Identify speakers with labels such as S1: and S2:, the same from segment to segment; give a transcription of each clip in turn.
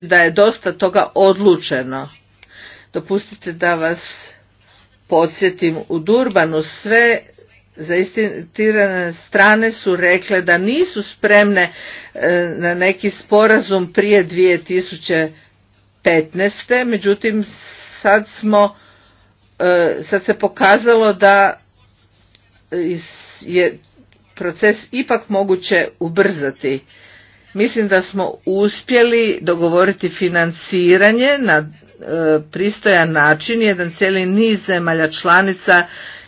S1: da je dosta toga odlučeno. Dopustite da vas podsjetim u Durbanu sve zaistinirane strane su rekle da nisu spremne e, na neki sporazum prije 2015. Međutim, sad smo e, sad se pokazalo da je proces ipak moguće ubrzati. Mislim da smo uspjeli dogovoriti financiranje na e, pristojan način. Jedan cijeli niz zemalja članica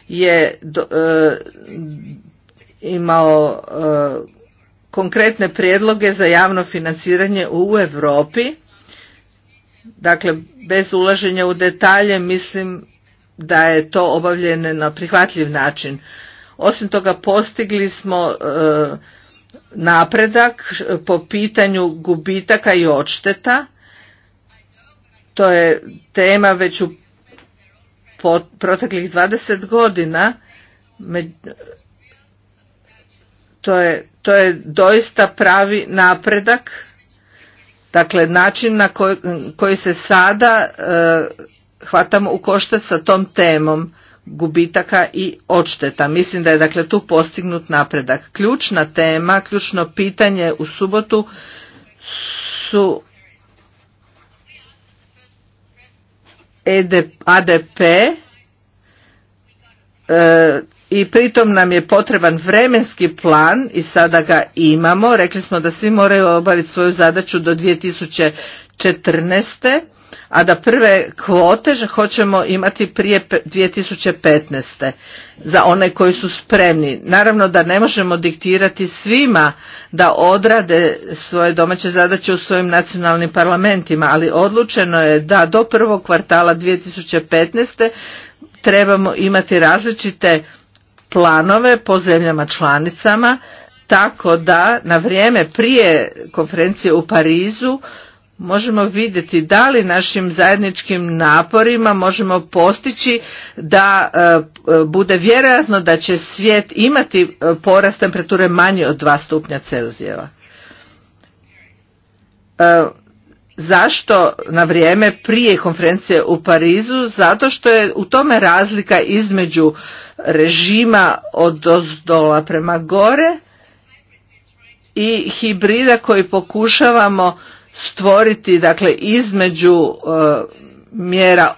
S1: je e, imao e, konkretne prijedloge za javno financiranje u Europi. Dakle, bez ulaženja u detalje mislim da je to obavljeno na prihvatljiv način. Osim toga, postigli smo napredak po pitanju gubitaka i odšteta. To je tema već u proteklih 20 godina. To je, to je doista pravi napredak. Dakle, način na koji, se sada e, hvatamo u koštac sa tom temom gubitaka i odšteta. Mislim da je dakle tu postignut napredak. Ključna tema, ključno pitanje u subotu su e ADP e, i pritom nam je potreban vremenski plan i sada ga imamo. Rekli smo da svi moraju obaviti svoju zadaću do 2014 a da prve kvote hoćemo imati prije 2015. za one koji su spremni. Naravno da ne možemo diktirati svima da odrade svoje domaće zadaće u svojim nacionalnim parlamentima, ali odlučeno je da do prvog kvartala 2015. trebamo imati različite planove po zemljama članicama, tako da na vrijeme prije konferencije u Parizu možemo vidjeti da li našim zajedničkim naporima možemo postići da e, e, bude vjerojatno da će svijet imati e, porast temperature manji od 2 stupnja Celzijeva. Zašto na vrijeme prije konferencije u Parizu? Zato što je u tome razlika između režima od dola prema gore i hibrida koji pokušavamo stvoriti dakle između e, mjera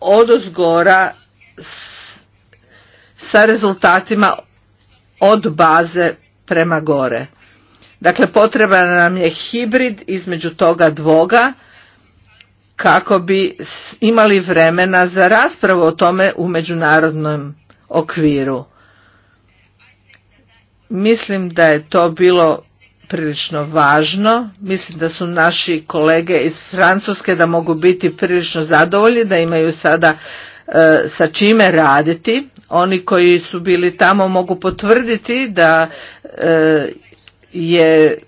S1: odozgora sa rezultatima od baze prema gore. Dakle, potreban nam je hibrid između toga dvoga kako bi imali vremena za raspravu o tome u međunarodnom okviru. Mislim da je to bilo prilično važno. Mislim da su naši kolege iz Francuske da mogu biti prilično zadovoljni, da imaju sada e, sa čime raditi. Oni koji su bili tamo mogu potvrditi da e, je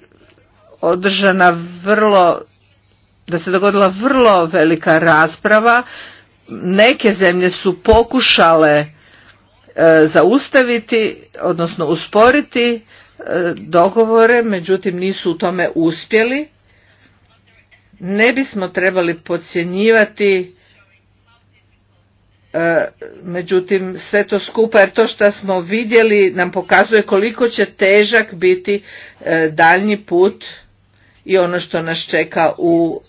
S1: održana vrlo, da se dogodila vrlo velika rasprava. Neke zemlje su pokušale e, zaustaviti, odnosno usporiti dogovore, međutim nisu u tome uspjeli. Ne bismo trebali podcjenjivati e, međutim sve to skupa jer to što smo vidjeli nam pokazuje koliko će težak biti e, daljnji put i ono što nas čeka u,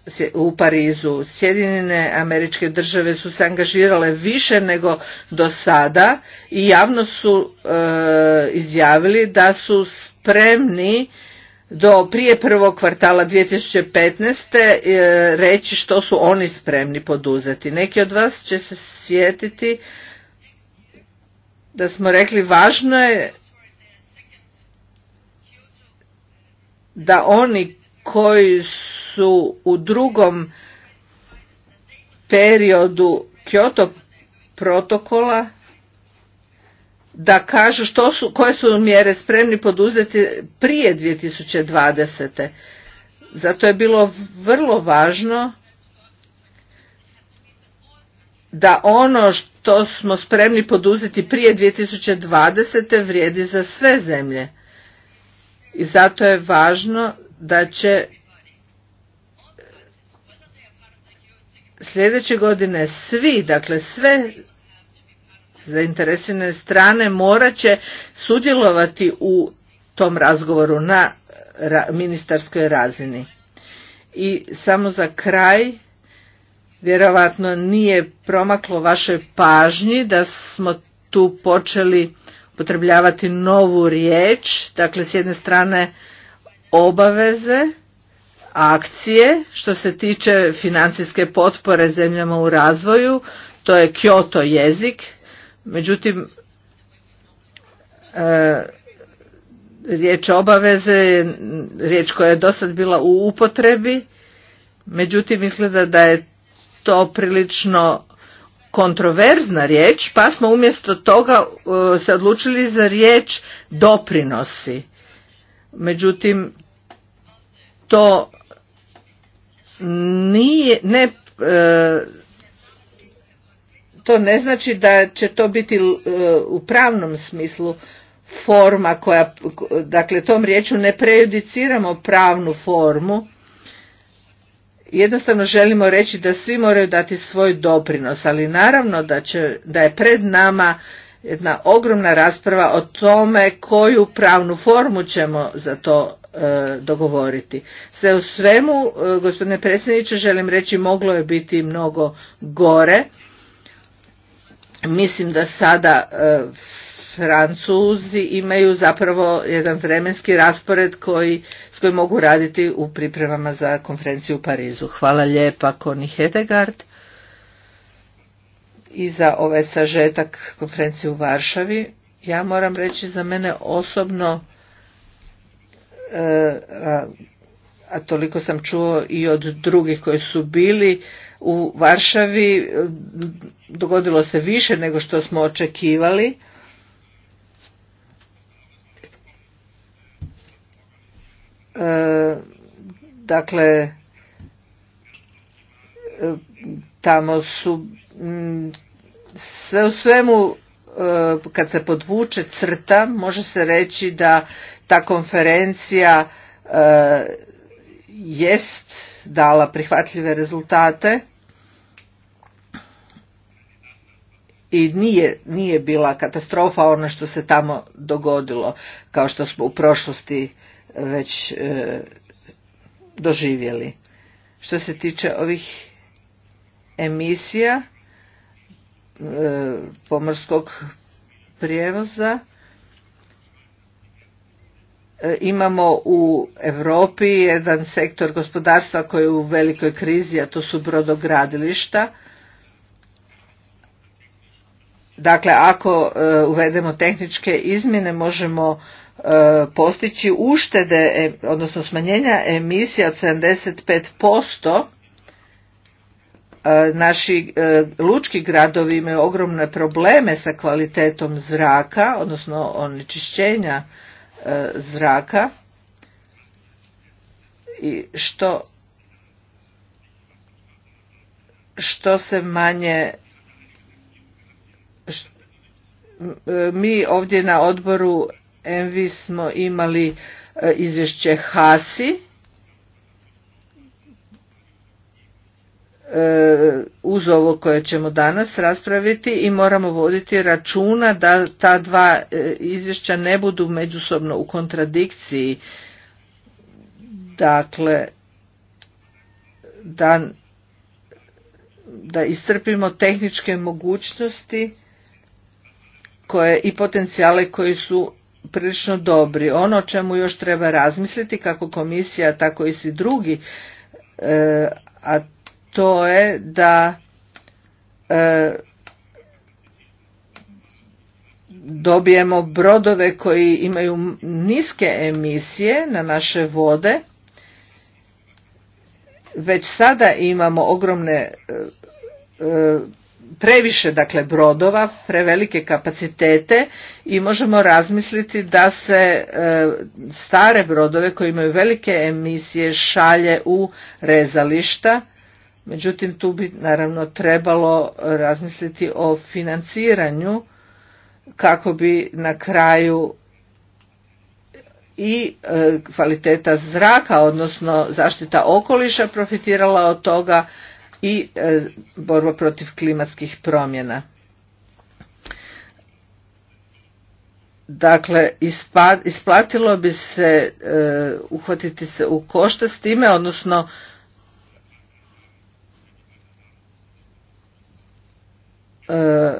S1: Parizu. Sjedinjene američke države su se angažirale više nego do sada i javno su e, izjavili da su spremni do prije prvog kvartala 2015. E, reći što su oni spremni poduzeti. Neki od vas će se sjetiti da smo rekli važno je da oni koji su u drugom periodu Kyoto protokola da kažu što su, koje su mjere spremni poduzeti prije 2020. Zato je bilo vrlo važno da ono što smo spremni poduzeti prije 2020. vrijedi za sve zemlje. I zato je važno da će sljedeće godine svi, dakle sve zainteresirane strane morat će sudjelovati u tom razgovoru na ministarskoj razini. I samo za kraj, vjerovatno nije promaklo vašoj pažnji da smo tu počeli upotrebljavati novu riječ, dakle s jedne strane obaveze akcije što se tiče financijske potpore zemljama u razvoju, to je Kyoto jezik, međutim e, riječ obaveze, riječ koja je dosad bila u upotrebi, međutim izgleda da je to prilično kontroverzna riječ, pa smo umjesto toga e, se odlučili za riječ doprinosi. Međutim, to nije, ne, e, to ne znači da će to biti e, u pravnom smislu forma koja, dakle tom riječu ne prejudiciramo pravnu formu, jednostavno želimo reći da svi moraju dati svoj doprinos, ali naravno da, će, da je pred nama jedna ogromna rasprava o tome koju pravnu formu ćemo za to E, dogovoriti. Sve u svemu, e, gospodine predsjedniče, želim reći moglo je biti mnogo gore. Mislim da sada e, Francuzi imaju zapravo jedan vremenski raspored koji, s kojim mogu raditi u pripremama za konferenciju u Parizu. Hvala lijepa Koni Hedegard i za ovaj sažetak konferencije u Varšavi. Ja moram reći za mene osobno E, a, a toliko sam čuo i od drugih koji su bili u Varšavi e, dogodilo se više nego što smo očekivali e, dakle e, tamo su sve u svemu kad se podvuče crta može se reći da ta konferencija e, jest dala prihvatljive rezultate i nije, nije bila katastrofa ono što se tamo dogodilo kao što smo u prošlosti već e, doživjeli. Što se tiče ovih emisija e, pomorskog prijevoza E, imamo u Europi jedan sektor gospodarstva koji je u velikoj krizi, a to su brodogradilišta. Dakle, ako e, uvedemo tehničke izmjene možemo e, postići uštede, odnosno smanjenja emisija od 75%. Naši lučki gradovi imaju ogromne probleme sa kvalitetom zraka, odnosno onečišćenja E, zraka i što što se manje mi ovdje na odboru Envi smo imali e, izvješće Hasi E, uz ovo koje ćemo danas raspraviti i moramo voditi računa da ta dva e, izvješća ne budu međusobno u kontradikciji. Dakle, da, da istrpimo tehničke mogućnosti koje i potencijale koji su prilično dobri. Ono o čemu još treba razmisliti kako komisija, tako i svi drugi, e, a to je da e, dobijemo brodove koji imaju niske emisije na naše vode već sada imamo ogromne e, e, previše dakle brodova prevelike kapacitete i možemo razmisliti da se stare brodove koji imaju velike emisije šalje u rezališta Međutim, tu bi naravno trebalo razmisliti o financiranju kako bi na kraju i e, kvaliteta zraka, odnosno zaštita okoliša profitirala od toga i e, borba protiv klimatskih promjena. Dakle, isplatilo bi se e, uhvatiti se u košta s time, odnosno E,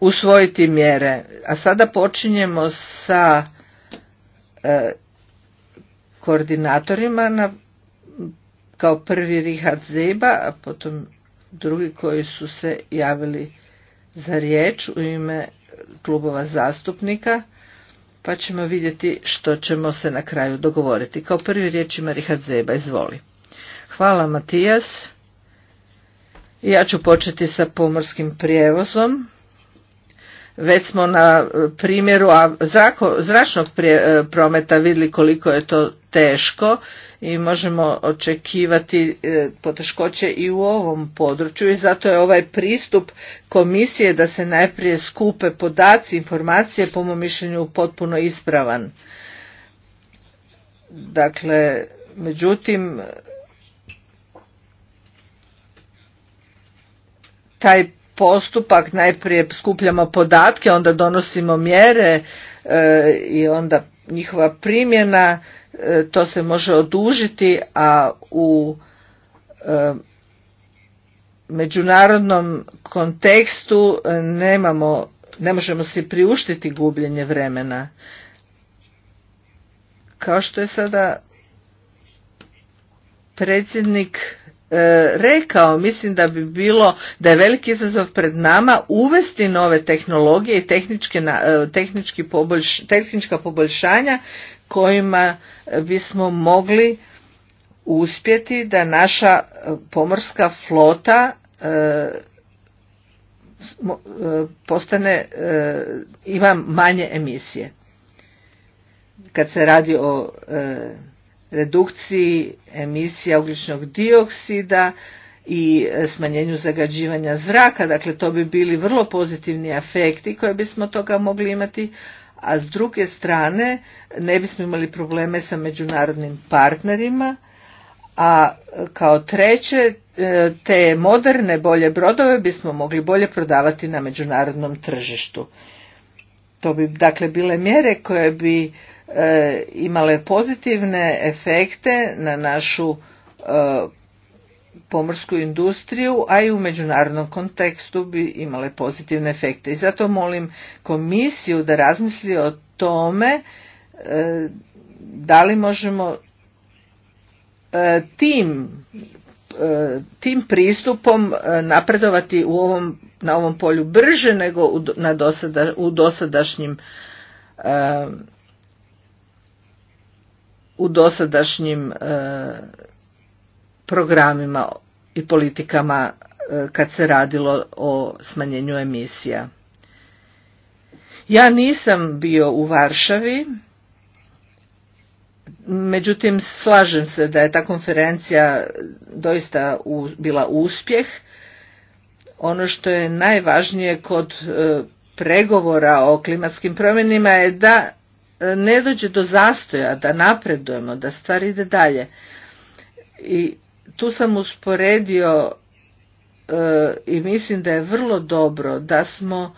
S1: usvojiti mjere. A sada počinjemo sa e, koordinatorima na, kao prvi Rihad Zeba, a potom drugi koji su se javili za riječ u ime klubova zastupnika, pa ćemo vidjeti što ćemo se na kraju dogovoriti. Kao prvi riječ ima Rihad Zeba, izvoli. Hvala Matijas. Ja ću početi sa pomorskim prijevozom. Već smo na e, primjeru zračnog e, prometa vidjeli koliko je to teško i možemo očekivati e, poteškoće i u ovom području i zato je ovaj pristup komisije da se najprije skupe podaci, informacije po mom mišljenju potpuno ispravan. Dakle, međutim, taj postupak, najprije skupljamo podatke, onda donosimo mjere e, i onda njihova primjena, e, to se može odužiti, a u e, međunarodnom kontekstu nemamo, ne možemo si priuštiti gubljenje vremena. Kao što je sada predsjednik E, rekao, mislim da bi bilo da je veliki izazov pred nama uvesti nove tehnologije i e, poboljš, tehnička poboljšanja kojima bismo mogli uspjeti da naša pomorska flota e, e postane ima manje emisije kad se radi o redukciji emisija ugljičnog dioksida i e, smanjenju zagađivanja zraka, dakle to bi bili vrlo pozitivni efekti koje bismo toga mogli imati, a s druge strane ne bismo imali probleme sa međunarodnim partnerima, a e, kao treće e, te moderne bolje brodove bismo mogli bolje prodavati na međunarodnom tržištu. To bi dakle bile mjere koje bi E, imale pozitivne efekte na našu e, pomorsku industriju, a i u međunarodnom kontekstu bi imale pozitivne efekte. I zato molim komisiju da razmisli o tome e, da li možemo tim, tim pristupom napredovati u ovom, na ovom polju brže nego u, na dosada, u dosadašnjim u dosadašnjim e, programima i politikama e, kad se radilo o smanjenju emisija. Ja nisam bio u Varšavi, međutim slažem se da je ta konferencija doista bila uspjeh. Ono što je najvažnije kod e, pregovora o klimatskim promjenima je da ne dođe do zastoja, da napredujemo, da stvar ide dalje. I tu sam usporedio e, i mislim da je vrlo dobro da smo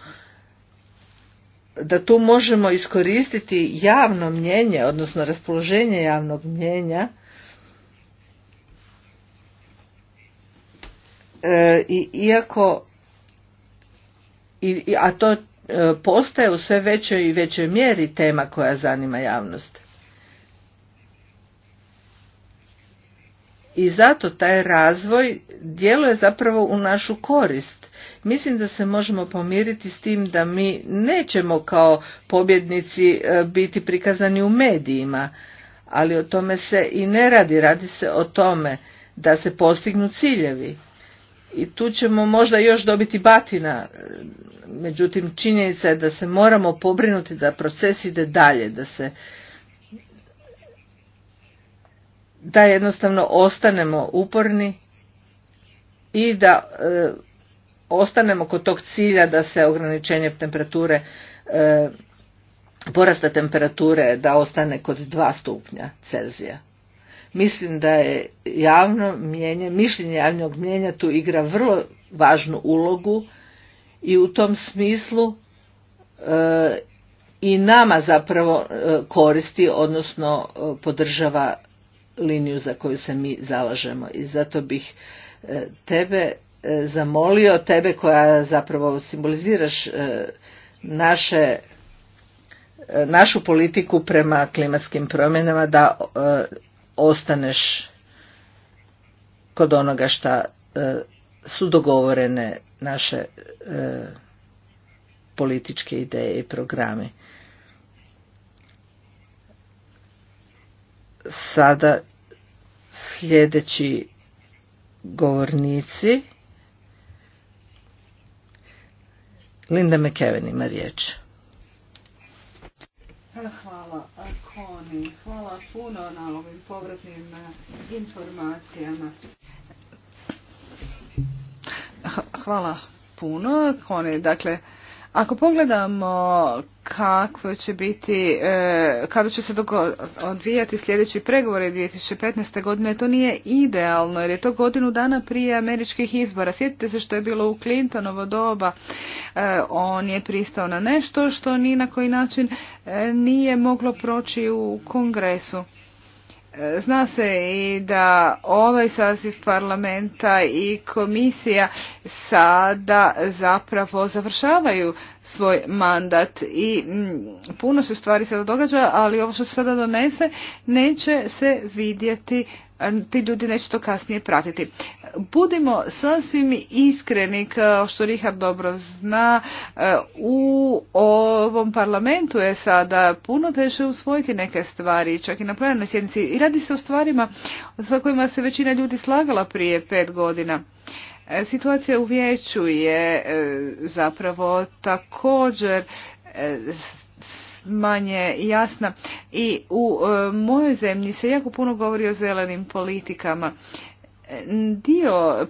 S1: da tu možemo iskoristiti javno mnjenje, odnosno raspoloženje javnog mnjenja e, i iako i, a to E, postaje u sve većoj i većoj mjeri tema koja zanima javnost. I zato taj razvoj djeluje zapravo u našu korist. Mislim da se možemo pomiriti s tim da mi nećemo kao pobjednici e, biti prikazani u medijima, ali o tome se i ne radi, radi se o tome da se postignu ciljevi i tu ćemo možda još dobiti batina međutim činjenica je da se moramo pobrinuti da proces ide dalje da se da jednostavno ostanemo uporni i da e, ostanemo kod tog cilja da se ograničenje temperature e, porasta temperature da ostane kod 2 stupnja Celzija Mislim da je javno mjenje, mišljenje javnog mjenja tu igra vrlo važnu ulogu i u tom smislu e, i nama zapravo e, koristi, odnosno e, podržava liniju za koju se mi zalažemo. I zato bih tebe zamolio, tebe koja zapravo simboliziraš naše, našu politiku prema klimatskim promjenama da ostaneš kod onoga šta e, su dogovorene naše e, političke ideje i programe. Sada sljedeći govornici Linda McKeven ima riječ.
S2: Hvala Koni, hvala puno na ovim povratnim eh, informacijama. Hvala puno Koni, dakle ako pogledamo kako će biti, e, kada će se odvijati sljedeći pregovore 2015. godine, to nije idealno jer je to godinu dana prije američkih izbora. Sjetite se što je bilo u Clintonovo doba. E, on je pristao na nešto što ni na koji način e, nije moglo proći u kongresu. Zna se i da ovaj saziv parlamenta i komisija sada zapravo završavaju svoj mandat i mm, puno se stvari sada događa, ali ovo što se sada donese neće se vidjeti ti ljudi neće to kasnije pratiti. Budimo sasvim iskreni, kao što Richard dobro zna, e, u ovom parlamentu je sada puno teže usvojiti neke stvari, čak i na plenarnoj sjednici. I radi se o stvarima za kojima se većina ljudi slagala prije pet godina. E, situacija u vijeću je e, zapravo također manje jasna i u e, mojoj zemlji se jako puno govori o zelenim politikama. Dio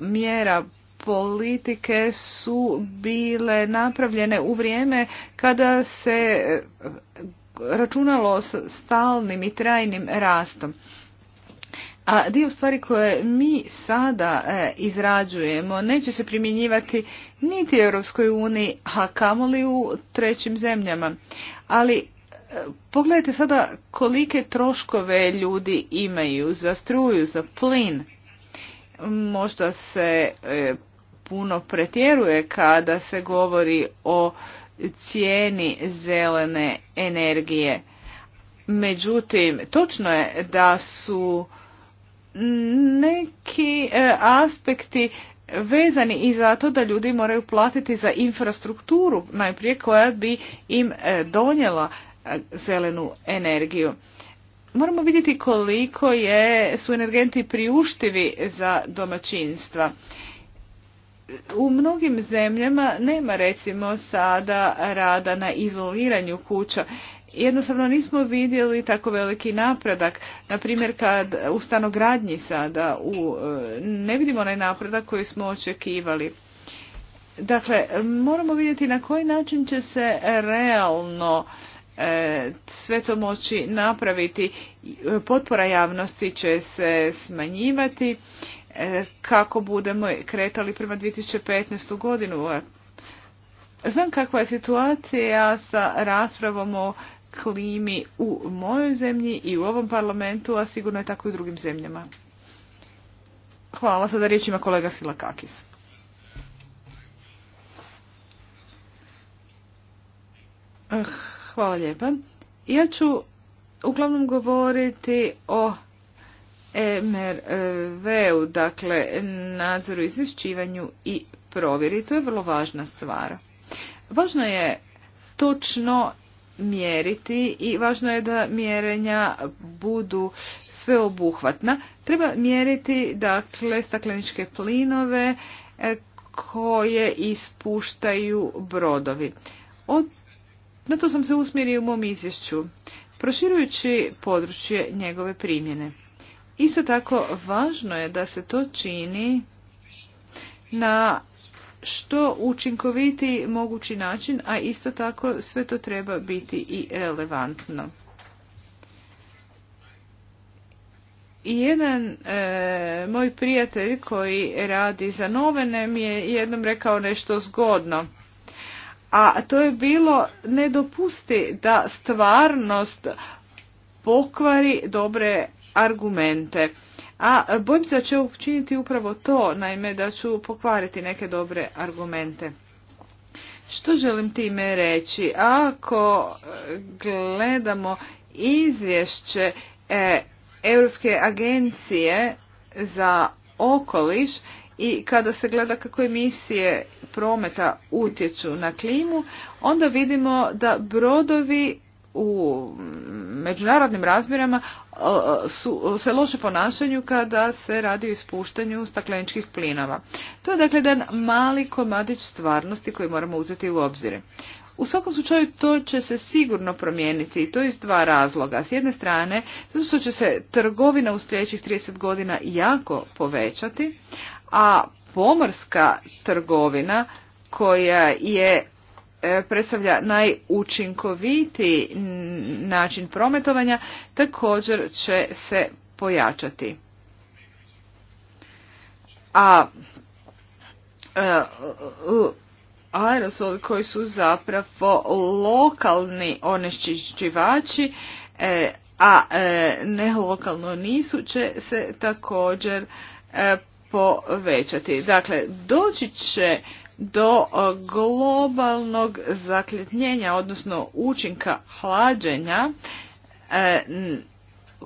S2: mjera politike su bile napravljene u vrijeme kada se e, računalo s stalnim i trajnim rastom a dio stvari koje mi sada e, izrađujemo neće se primjenjivati niti u Europskoj uniji, a kamoli u trećim zemljama. Ali e, pogledajte sada kolike troškove ljudi imaju za struju, za plin. Možda se e, puno pretjeruje kada se govori o cijeni zelene energije. Međutim, točno je da su neki e, aspekti vezani i za to da ljudi moraju platiti za infrastrukturu najprije koja bi im e, donijela e, zelenu energiju. Moramo vidjeti koliko je, su energenti priuštivi za domaćinstva. U mnogim zemljama nema recimo sada rada na izoliranju kuća jednostavno nismo vidjeli tako veliki napredak. Na primjer kad u stanogradnji sada u, e, ne vidimo onaj napredak koji smo očekivali. Dakle, moramo vidjeti na koji način će se realno e, sve to moći napraviti. Potpora javnosti će se smanjivati e, kako budemo kretali prema 2015. godinu. Znam kakva je situacija sa raspravom o klimi u mojoj zemlji i u ovom parlamentu, a sigurno je tako i u drugim zemljama. Hvala sada riječima kolega Silakakis. Eh, hvala lijepa. Ja ću uglavnom govoriti o MRV-u, dakle nadzoru, izvješćivanju i provjeri. To je vrlo važna stvar. Važno je točno mjeriti i važno je da mjerenja budu sveobuhvatna. Treba mjeriti dakle stakleničke plinove e, koje ispuštaju brodovi. Od, na to sam se usmjerio u mom izvješću, proširujući područje njegove primjene. Isto tako važno je da se to čini na što učinkovitiji mogući način, a isto tako sve to treba biti i relevantno. I jedan e, moj prijatelj koji radi za novene mi je jednom rekao nešto zgodno. A to je bilo ne dopusti da stvarnost pokvari dobre argumente. A bojim se da će učiniti upravo to, naime da ću pokvariti neke dobre argumente. Što želim time reći? Ako e, gledamo izvješće e, Europske agencije za okoliš i kada se gleda kako emisije prometa utječu na klimu, onda vidimo da brodovi u međunarodnim razmjerama e, su, se loše ponašanju kada se radi o ispuštanju stakleničkih plinova. To je dakle jedan mali komadić stvarnosti koji moramo uzeti u obzir. U svakom slučaju to će se sigurno promijeniti i to iz dva razloga. S jedne strane, zato što će se trgovina u sljedećih 30 godina jako povećati, a pomorska trgovina koja je E, predstavlja najučinkovitiji način prometovanja također će se pojačati. A e, aerosol koji su zapravo lokalni onečišćivači, e, a ne lokalno nisu, će se također povećati. Dakle, doći će do e, globalnog zakljetnjenja, odnosno učinka hlađenja e,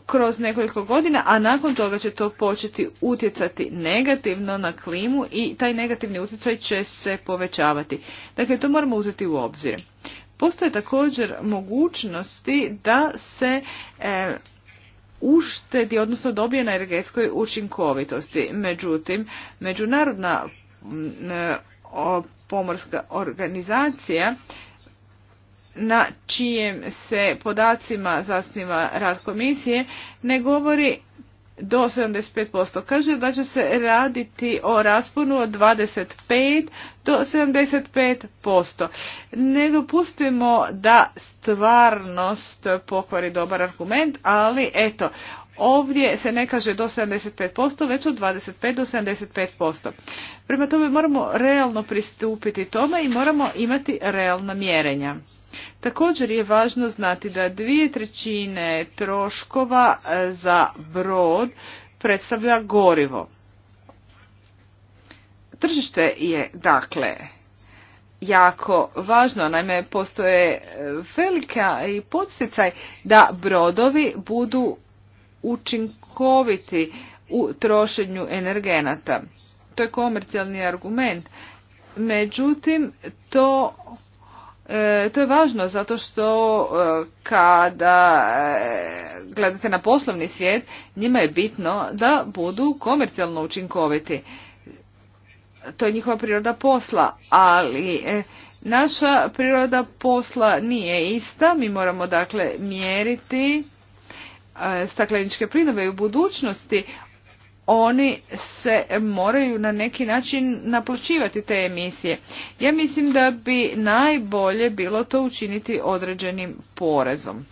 S2: kroz nekoliko godina, a nakon toga će to početi utjecati negativno na klimu i taj negativni utjecaj će se povećavati. Dakle, to moramo uzeti u obzir. Postoje također mogućnosti da se e, uštedi, odnosno dobije na energetskoj učinkovitosti. Međutim, međunarodna pomorska organizacija na čijem se podacima zasniva rad komisije ne govori do 75%. Kaže da će se raditi o rasponu od 25 do 75%. Ne dopustimo da stvarnost pokvari dobar argument, ali eto, Ovdje se ne kaže do 75%, već od 25 do 75%. Prema tome moramo realno pristupiti tome i moramo imati realna mjerenja. Također je važno znati da dvije trećine troškova e, za brod predstavlja gorivo. Tržište je dakle jako važno, naime postoje e, velika i podsjecaj da brodovi budu učinkoviti u trošenju energenata. To je komercijalni argument. Međutim, to e, to je važno zato što e, kada e, gledate na poslovni svijet, njima je bitno da budu komercijalno učinkoviti. To je njihova priroda posla, ali naša priroda posla nije ista. Mi moramo dakle mjeriti E, stakleničke plinove i u budućnosti oni se moraju na neki način naplaćivati te emisije. Ja mislim da bi najbolje bilo to učiniti određenim porezom.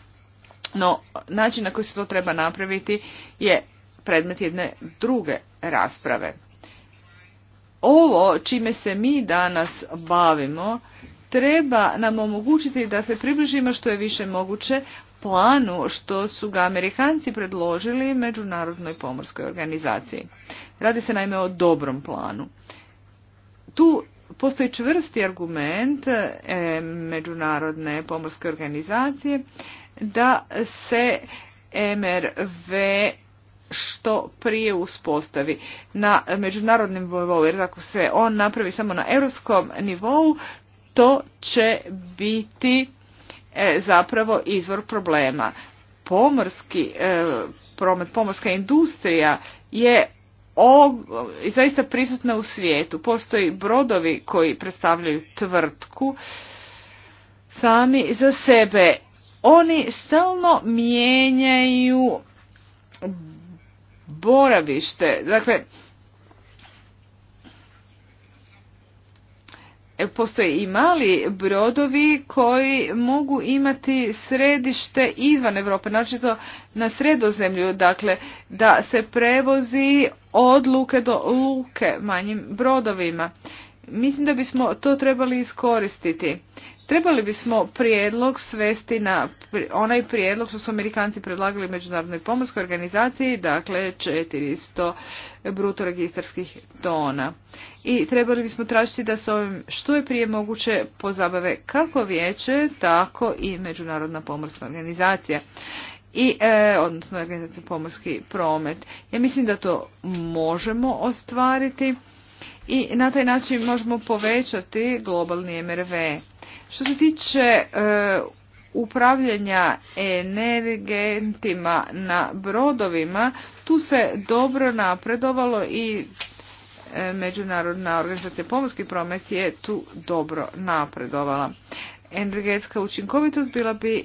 S2: No, način na koji se to treba napraviti je predmet jedne druge rasprave. Ovo čime se mi danas bavimo treba nam omogućiti da se približimo što je više moguće planu što su ga Amerikanci predložili Međunarodnoj pomorskoj organizaciji. Radi se naime o dobrom planu. Tu postoji čvrsti argument e, Međunarodne pomorske organizacije da se MRV što prije uspostavi na međunarodnim nivou, jer ako se on napravi samo na europskom nivou, to će biti E, zapravo izvor problema. Pomorski e, promet, pomorska industrija je zaista prisutna u svijetu. Postoji brodovi koji predstavljaju tvrtku sami za sebe. Oni stalno mijenjaju boravište. Dakle, E, postoje i mali brodovi koji mogu imati središte izvan Europe, to na sredozemlju, dakle da se prevozi od luke do luke manjim brodovima. Mislim da bismo to trebali iskoristiti. Trebali bismo prijedlog svesti na onaj prijedlog što su Amerikanci predlagali Međunarodnoj pomorskoj organizaciji, dakle 400 bruto registarskih tona. I trebali bismo tražiti da se ovim što je prije moguće pozabave kako vijeće, tako i Međunarodna pomorska organizacija i e, odnosno organizacija pomorski promet. Ja mislim da to možemo ostvariti i na taj način možemo povećati globalni MRV. Što se tiče e, upravljanja energentima na brodovima, tu se dobro napredovalo i e, Međunarodna organizacija pomorski promet je tu dobro napredovala. Energetska učinkovitost bila bi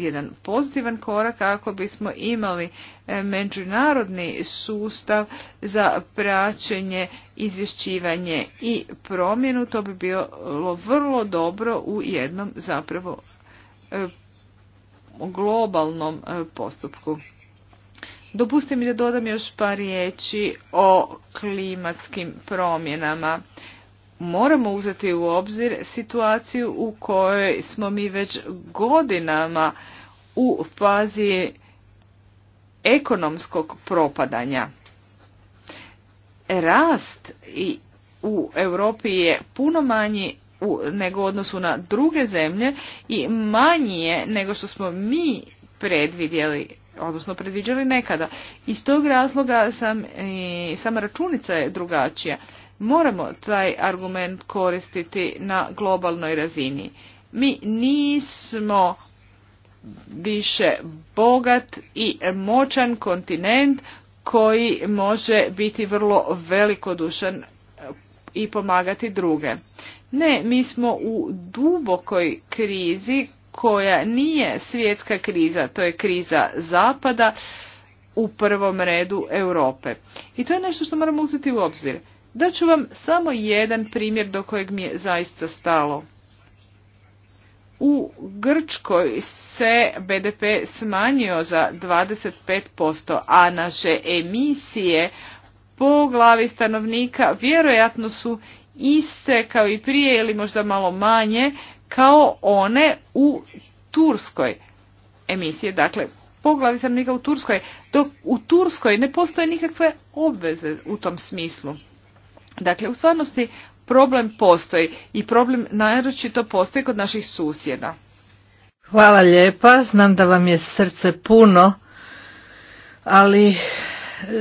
S2: jedan pozitivan korak ako bismo imali e, međunarodni sustav za praćenje, izvješćivanje i promjenu. To bi bilo vrlo dobro u jednom zapravo e, globalnom e, postupku. Dopustite mi da dodam još par riječi o klimatskim promjenama moramo uzeti u obzir situaciju u kojoj smo mi već godinama u fazi ekonomskog propadanja. Rast u Europi je puno manji u, nego u odnosu na druge zemlje i manji je nego što smo mi predvidjeli, odnosno predviđali nekada. Iz tog razloga sam i sama računica je drugačija. Moramo taj argument koristiti na globalnoj razini. Mi nismo više bogat i moćan kontinent koji može biti vrlo velikodušan eh, i pomagati druge. Ne, mi smo u dubokoj krizi koja nije svjetska kriza, to je kriza zapada u prvom redu Europe. I to je nešto što moramo uzeti u obzir. Daću vam samo jedan primjer do kojeg mi je zaista stalo. U Grčkoj se BDP smanjio za 25%, a naše emisije po glavi stanovnika vjerojatno su iste kao i prije ili možda malo manje kao one u Turskoj emisije. Dakle, po glavi stanovnika u Turskoj, dok u Turskoj ne postoje nikakve obveze u tom smislu. Dakle, u stvarnosti problem postoji i problem naročito postoji kod naših susjeda.
S1: Hvala lijepa, znam da vam je srce puno, ali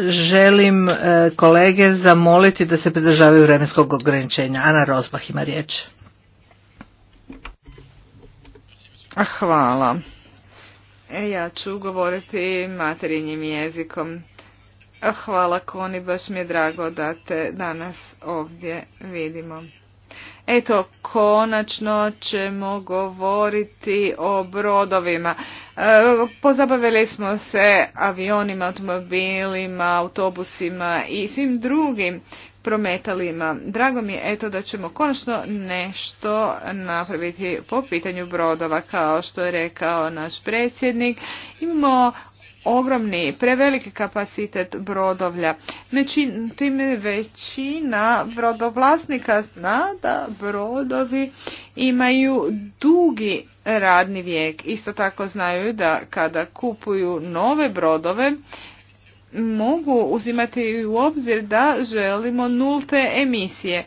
S1: želim e, kolege zamoliti da se pridržavaju vremenskog ograničenja. Ana Rozbah ima riječ.
S2: Hvala. E, ja ću govoriti materinjim jezikom. Hvala Koni, baš mi je drago da te danas ovdje vidimo. Eto, konačno ćemo govoriti o brodovima. E, pozabavili smo se avionima, automobilima, autobusima i svim drugim prometalima. Drago mi je eto da ćemo konačno nešto napraviti po pitanju brodova, kao što je rekao naš predsjednik. Imamo ogromni, preveliki kapacitet brodovlja. Međutim, većina brodovlasnika zna da brodovi imaju dugi radni vijek. Isto tako znaju da kada kupuju nove brodove, mogu uzimati u obzir da želimo nulte emisije.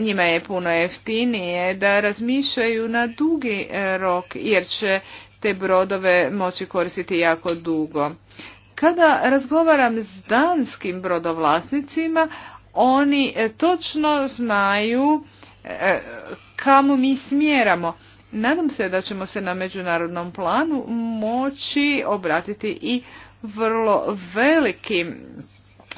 S2: Njima je puno jeftinije da razmišljaju na dugi rok jer će te brodove moći koristiti jako dugo. Kada razgovaram s danskim brodovlasnicima, oni e, točno znaju e, kamo mi smjeramo. Nadam se da ćemo se na međunarodnom planu moći obratiti i vrlo velikim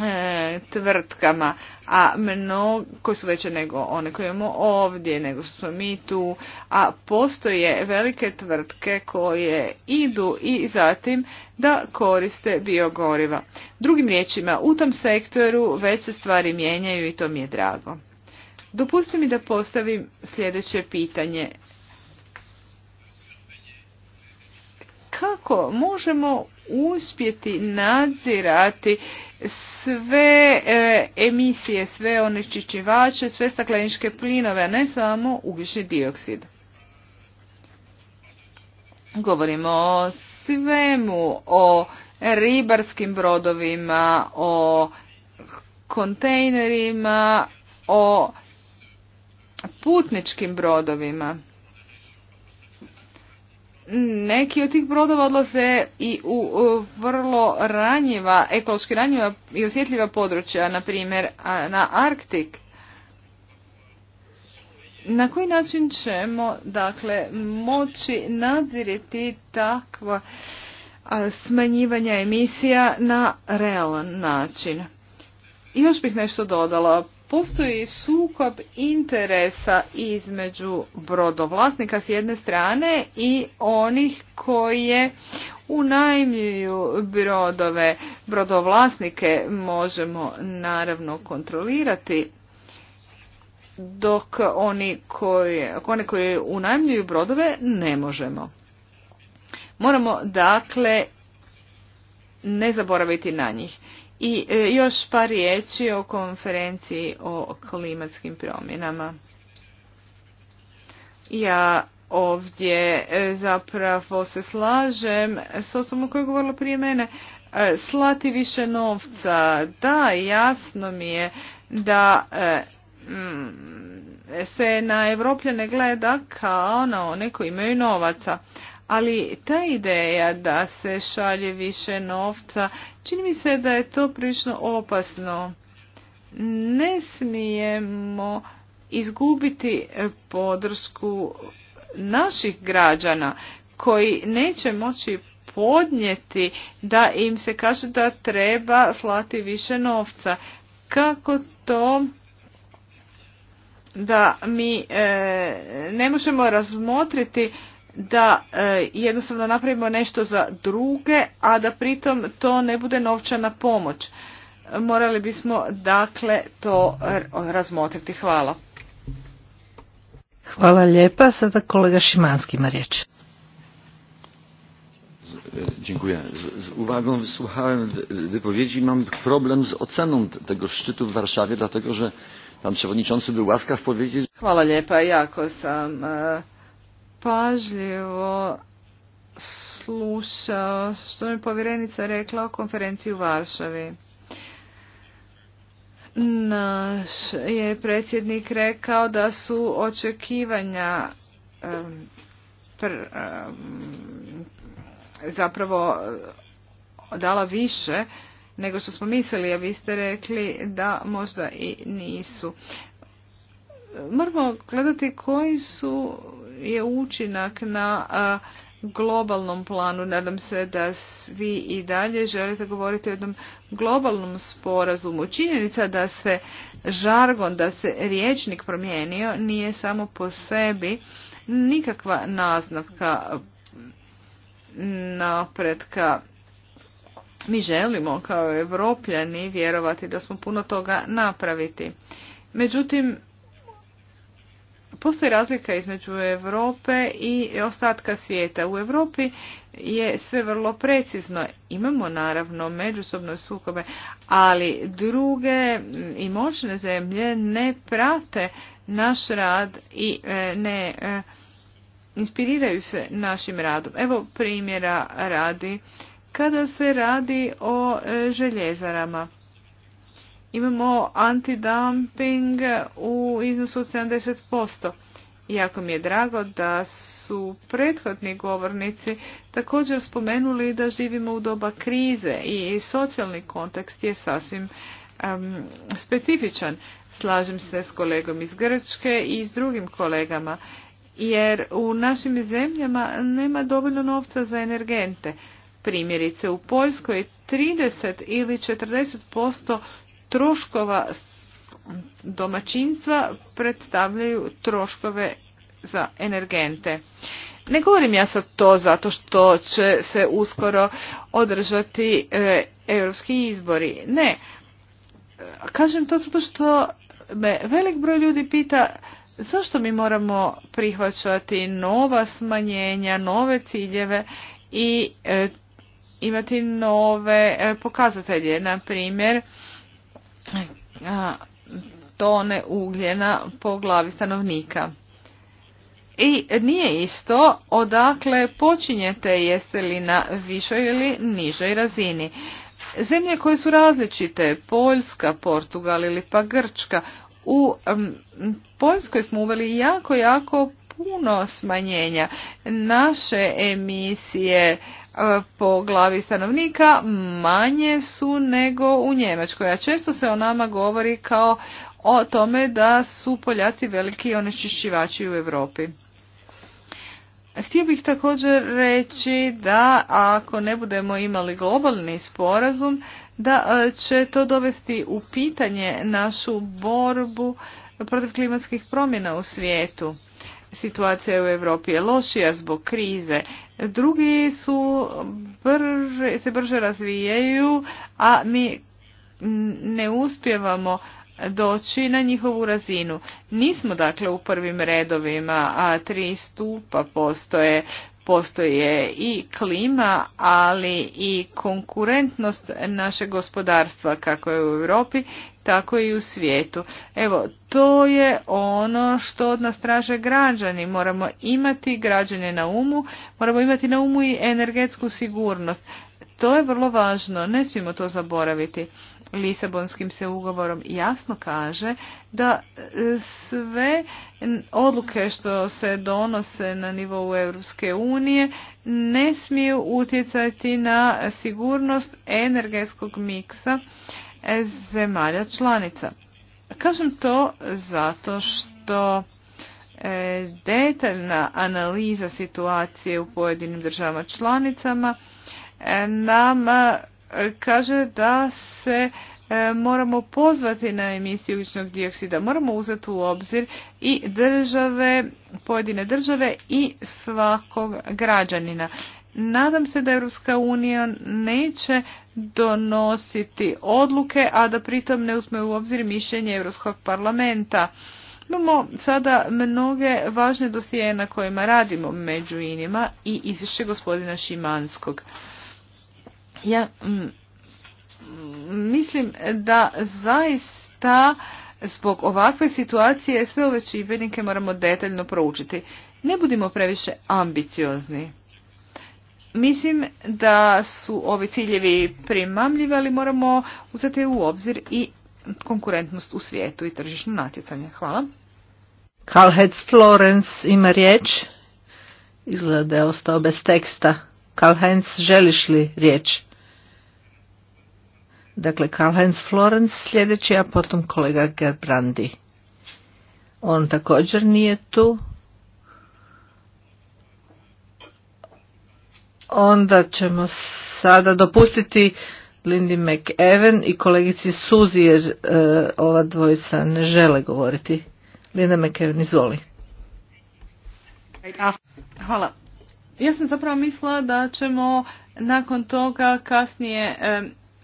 S2: E, tvrtkama, a mnogo koje su veće nego one koje imamo ovdje, nego smo mi tu, a postoje velike tvrtke koje idu i zatim da koriste biogoriva. Drugim riječima, u tom sektoru već se stvari mijenjaju i to mi je drago. Dopusti mi da postavim sljedeće pitanje. Kako možemo uspjeti nadzirati sve e, emisije, sve onečišćivače, sve stakleničke plinove, ne samo ugljični dioksid. Govorimo o svemu, o ribarskim brodovima, o kontejnerima, o putničkim brodovima neki od tih brodova odlaze i u vrlo ranjiva, ekološki ranjiva i osjetljiva područja, na primjer na Arktik. Na koji način ćemo dakle, moći nadziriti takva smanjivanja emisija na realan način? Još bih nešto dodala postoji sukob interesa između brodovlasnika s jedne strane i onih koje unajmljuju brodove. Brodovlasnike možemo naravno kontrolirati dok oni koji, one koji unajmljuju brodove ne možemo. Moramo dakle ne zaboraviti na njih. I e, još par riječi o konferenciji o klimatskim promjenama. Ja ovdje e, zapravo se slažem s osobom koja je govorila prije mene. E, slati više novca. Da, jasno mi je da mm, se na Evropljane gleda kao na one koji imaju novaca ali ta ideja da se šalje više novca, čini mi se da je to prilično opasno. Ne smijemo izgubiti podršku naših građana koji neće moći podnijeti da im se kaže da treba slati više novca. Kako to da mi e, ne možemo razmotriti da e, jednostavno napravimo nešto za druge, a da pritom to ne bude novčana pomoć. Morali bismo dakle to razmotriti. Hvala.
S1: Hvala lijepa. Sada kolega Šimanski ima riječ.
S3: Dziękuję. Z, z uwagą wysłuchałem wypowiedzi. Mam problem z oceną tego szczytu w Warszawie, dlatego że pan przewodniczący był łaskaw powiedzieć.
S2: Hvala lepa, Jako sam Uh pažljivo slušao što mi povjerenica rekla o konferenciji u Varšavi. Naš je predsjednik rekao da su očekivanja zapravo dala više nego što smo mislili, a vi ste rekli da možda i nisu moramo gledati koji su je učinak na globalnom planu. Nadam se da svi i dalje želite govoriti o jednom globalnom sporazumu. Činjenica da se žargon, da se riječnik promijenio nije samo po sebi nikakva naznavka napretka. Mi želimo kao evropljani vjerovati da smo puno toga napraviti. Međutim, Postoji razlika između Europe i ostatka svijeta. U Europi je sve vrlo precizno. Imamo naravno međusobne sukobe, ali druge i moćne zemlje ne prate naš rad i e, ne e, inspiriraju se našim radom. Evo primjera radi kada se radi o e, željezarama imamo antidumping u iznosu od 70%. Jako mi je drago da su prethodni govornici također spomenuli da živimo u doba krize i socijalni kontekst je sasvim specifičan. Slažem se s kolegom iz Grčke i s drugim kolegama jer u našim zemljama nema dovoljno novca za energente. Primjerice u Poljskoj 30 ili 40% troškova domaćinstva predstavljaju troškove za energente. Ne govorim ja sad to zato što će se uskoro održati e, europski izbori. Ne. Kažem to zato što me velik broj ljudi pita zašto mi moramo prihvaćati nova smanjenja, nove ciljeve i e, imati nove e, pokazatelje. Na primjer, tone ugljena po glavi stanovnika. I nije isto odakle počinjete jeste li na višoj ili nižoj razini. Zemlje koje su različite, Poljska, Portugal ili pa Grčka, u Poljskoj smo uveli jako, jako puno smanjenja. Naše emisije e, po glavi stanovnika manje su nego u Njemačkoj, a često se o nama govori kao o tome da su Poljaci veliki onečišćivači u Europi. Htio bih također reći da ako ne budemo imali globalni sporazum, da e, će to dovesti u pitanje našu borbu protiv klimatskih promjena u svijetu situacija u Europi je lošija zbog krize. Drugi su brže, se brže razvijaju, a mi ne uspjevamo doći na njihovu razinu. Nismo dakle u prvim redovima, a tri stupa postoje postoje i klima, ali i konkurentnost našeg gospodarstva kako je u Europi, tako i u svijetu. Evo, to je ono što od nas traže građani. Moramo imati građane na umu, moramo imati na umu i energetsku sigurnost. To je vrlo važno, ne smijemo to zaboraviti. Lisabonskim se ugovorom jasno kaže da e, sve odluke što se donose na nivou Europske unije ne smiju utjecati na sigurnost energetskog miksa e, zemalja članica. Kažem to zato što e, detaljna analiza situacije u pojedinim državama članicama nam e, kaže da se e, moramo pozvati na emisiju ugljičnog dioksida. Moramo uzeti u obzir i države, pojedine države i svakog građanina. Nadam se da Europska unija neće donositi odluke, a da pritom ne uzme u obzir mišljenje Europskog parlamenta. Imamo sada mnoge važne dosije na kojima radimo među inima i izvješće gospodina Šimanskog. Ja mm, mislim da zaista zbog ovakve situacije sve ove čibenike moramo detaljno proučiti. Ne budimo previše ambiciozni. Mislim da su ovi ciljevi primamljivi, ali moramo uzeti u obzir i konkurentnost u svijetu i tržišno natjecanje. Hvala.
S1: Kalhec Florence ima riječ. Izgleda da je ostao bez teksta. Kalhec, želiš li riječ? Dakle, Karl-Heinz Florence sljedeći, a potom kolega Gerbrandi. On također nije tu. Onda ćemo sada dopustiti Lindy McEwen i kolegici Suzi jer e, ova dvojica ne žele govoriti. Linda McEwen, izvoli.
S2: Hvala. Ja sam zapravo mislila da ćemo nakon toga kasnije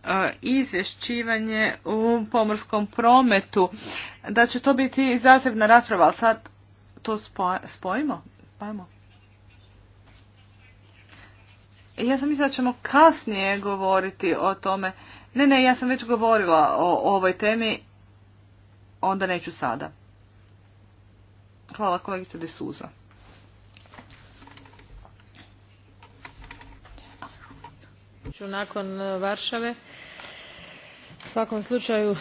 S2: E, izvješćivanje u pomorskom prometu, da će to biti zasebna rasprava, ali sad to spojimo? Ja sam mislila da ćemo kasnije govoriti o tome. Ne, ne, ja sam već govorila o ovoj temi, onda neću sada. Hvala kolegice De Suza.
S4: Nakon e, Varšave u svakom slučaju e,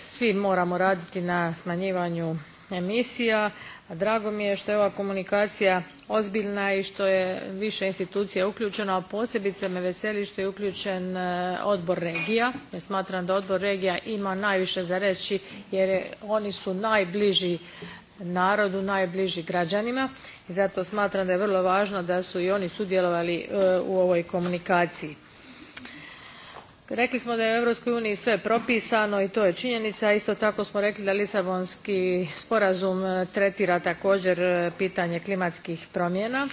S4: svi moramo raditi na smanjivanju emisija a drago mi je što je ova komunikacija ozbiljna i što je više institucija uključeno a posebice me veseli što je uključen e, odbor regija jer smatram da odbor regija ima najviše za reći jer oni su najbliži narodu najbliži građanima i zato smatram da je vrlo važno da su i oni sudjelovali e, u ovoj komunikaciji rekli smo da je u europskoj uniji sve propisano i to je činjenica isto tako smo rekli da lisabonski sporazum e, tretira također e, pitanje klimatskih promjena.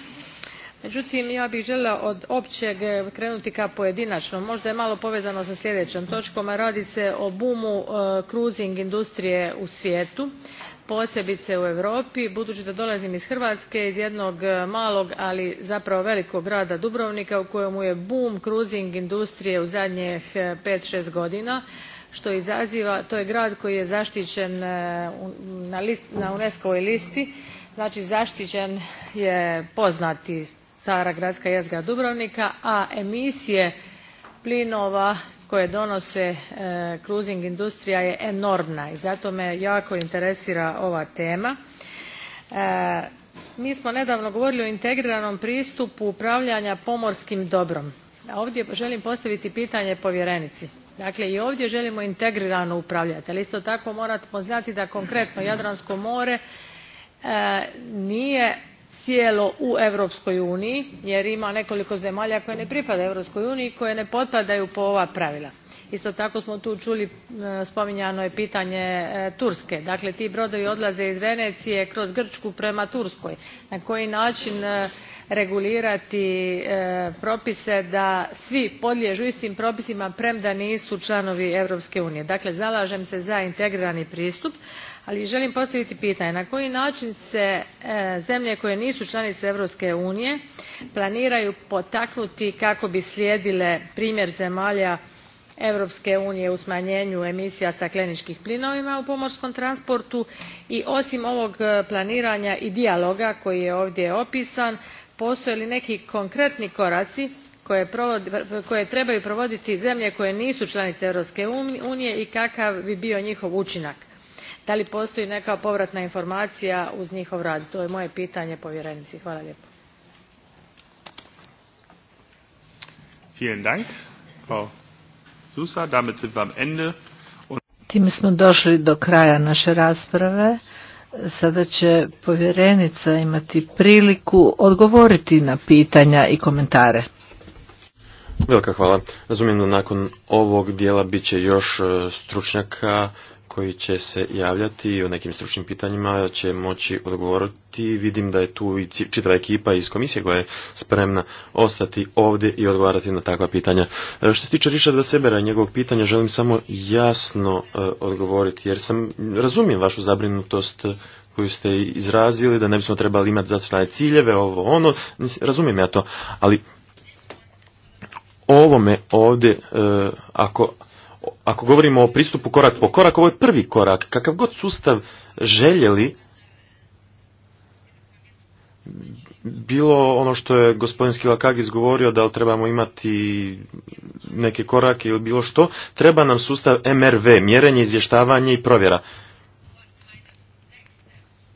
S4: međutim ja bih žela od općeg e, krenuti ka pojedinačnom možda je malo povezano sa sljedećom točkom a radi se o bumu cruising industrije u svijetu posebice u europi budući da dolazim iz hrvatske iz jednog e, malog ali zapravo velikog grada dubrovnika u kojemu je boom cruising industrije u zadnjih e, pet six godina što izaziva to je grad koji je zaštićen e, na unesco voj listi znači zaštićen je poznati stara gradska jezgra dubrovnika a emisije plinova koje donose e, cruising industrija je enormna i zato me jako interesira ova tema. E, mi smo nedavno govorili o integriranom pristupu upravljanja pomorskim dobrom a ovdje želim postaviti pitanje povjerenici. dakle i ovdje želimo integrirano upravljati ali isto tako moramo znati da konkretno jadransko more e, nije ...cijelo u europskoj uniji jer ima nekoliko zemalja koje ne pripadaju europskoj uniji koje ne potpadaju po ova pravila. isto tako smo tu čuli e, spominjano je pitanje e, turske. dakle ti brodovi odlaze iz venecije kroz grčku prema turskoj. na koji način e, regulirati propise da svi podliježu istim propisima premda nisu članovi europske unije? dakle zalažem se za integrirani pristup ali želim postaviti pitanje na koji način se e, zemlje koje nisu članice europske unije planiraju potaknuti kako bi slijedile primjer zemalja europske unije u smanjenju emisija stakleničkih plinova u pomorskom transportu i osim ovog e, planiranja i dijaloga koji je ovdje opisan postoje li neki konkretni koraci koje trebaju provoditi zemlje koje nisu članice europske unije i kakav bi bio njihov učinak? da li postoji neka povratna informacija uz njihov rad? to je moje pitanje povjerenici. hvala
S3: lijepo.
S1: Time smo došli do kraja naše rasprave. Sada će povjerenica imati priliku odgovoriti na pitanja i komentare.
S3: Velika hvala. Razumijem da nakon ovog dijela bit će još e, stručnjaka koji će se javljati i o nekim stručnim pitanjima će moći odgovoriti. Vidim da je tu i čitava ekipa iz komisije koja je spremna ostati ovdje i odgovarati na takva pitanja. E, što se tiče Richarda Sebera i njegovog pitanja, želim samo jasno e, odgovoriti, jer sam razumijem vašu zabrinutost koju ste izrazili, da ne bismo trebali imati zacrtane ciljeve, ovo, ono, razumijem ja to, ali ovome ovdje, e, ako, ako govorimo o pristupu korak po korak, ovo je prvi korak. Kakav god sustav željeli, bilo ono što je gospodin Skilakagis govorio da li trebamo imati neke korake ili bilo što, treba nam sustav MRV, mjerenje, izvještavanje i provjera.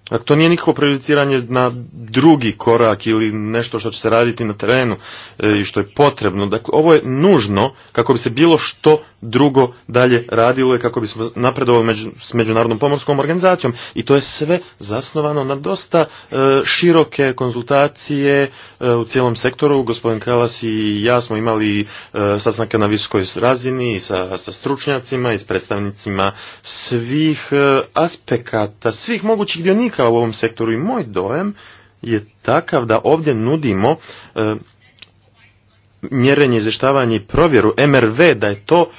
S3: Dakle, to nije nikako prejudiciranje na drugi korak ili nešto što će se raditi na terenu e, i što je potrebno. Dakle, ovo je nužno kako bi se bilo što drugo dalje radilo i kako bismo napredovali među, s Međunarodnom pomorskom organizacijom. I to je sve zasnovano na dosta e, široke konzultacije e, u cijelom sektoru. Gospodin Kalas i ja smo imali e, sastanke na visokoj razini i sa, sa stručnjacima i s predstavnicima svih aspekata, svih mogućih dionika u ovom sektoru i moj dojem je takav da ovdje nudimo e, mjerenje, izvještavanje i provjeru MRV, da je to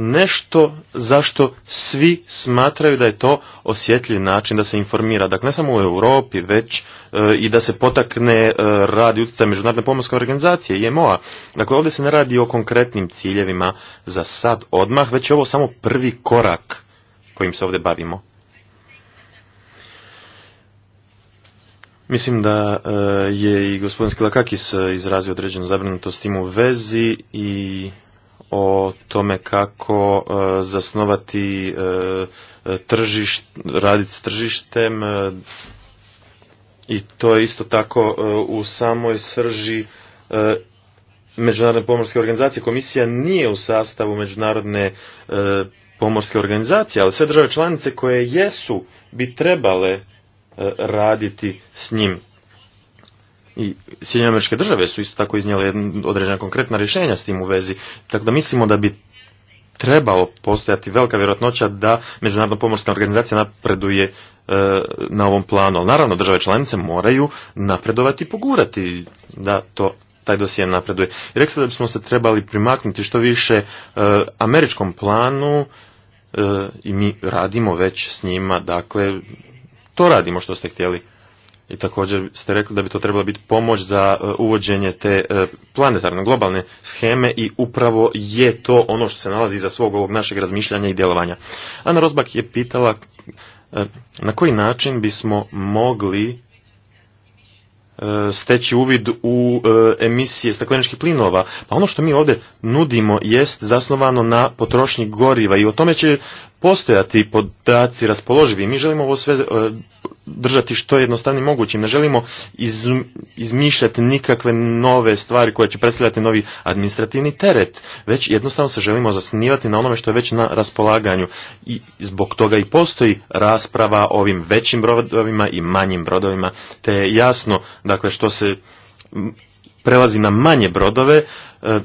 S3: nešto zašto svi smatraju da je to osjetljiv način da se informira. Dakle, ne samo u Europi, već e, i da se potakne e, i utjecaj Međunarodne pomorske organizacije, IMO-a. Dakle, ovdje se ne radi o konkretnim ciljevima za sad odmah, već je ovo samo prvi korak kojim se ovdje bavimo. Mislim da e, je i gospodin Skilakakis e, izrazio određenu zabrinutost tim u vezi i o tome kako e, zasnovati tržište, raditi s tržištem i to je isto tako u samoj srži Međunarodne pomorske organizacije. Komisija nije u sastavu Međunarodne pomorske organizacije, ali sve države članice koje jesu bi trebale E, raditi s njim. I Sjedinjene američke države su isto tako iznijele određena konkretna rješenja s tim u vezi. Tako da mislimo da bi trebao postojati velika vjerojatnoća da Međunarodna pomorska organizacija napreduje e, na ovom planu. Ali naravno države članice moraju napredovati i pogurati da to taj dosije napreduje. I rekli da bismo se trebali primaknuti što više e, američkom planu i mi radimo već s njima, dakle to radimo što ste htjeli. I također ste rekli da bi to trebalo biti pomoć za e, uvođenje te e, planetarne, globalne scheme i upravo je to ono što se nalazi iza svog ovog našeg razmišljanja i djelovanja. Ana Rozbak je pitala e, na koji način bismo mogli E, steći uvid u e, emisije stakleničkih plinova. Pa ono što mi ovdje nudimo jest zasnovano na potrošnji goriva i o tome će postojati podaci raspoloživi. Mi želimo ovo sve e, držati što jednostavnije moguće. Ne želimo izmišljati nikakve nove stvari koje će predstavljati novi administrativni teret, već jednostavno se želimo zasnivati na onome što je već na raspolaganju. I zbog toga i postoji rasprava o ovim većim brodovima i manjim brodovima, te je jasno dakle, što se prelazi na manje brodove, e,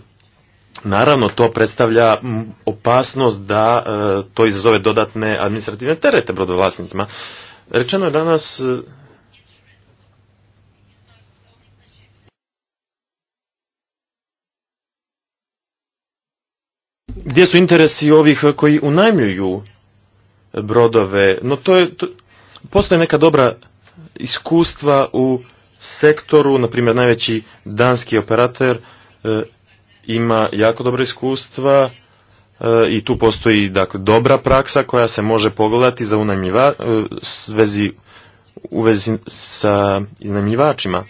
S3: Naravno, to predstavlja opasnost da e, to izazove dodatne administrativne terete brodovlasnicima. Rečeno je danas e, gdje su interesi ovih koji unajmljuju brodove, no to je, postoje neka dobra iskustva u sektoru, na primjer najveći danski operator e, ima jako dobra iskustva, E, i tu postoji dakle, dobra praksa koja se može pogledati za unajmljiva, e, vezi, u vezi sa iznajmljivačima.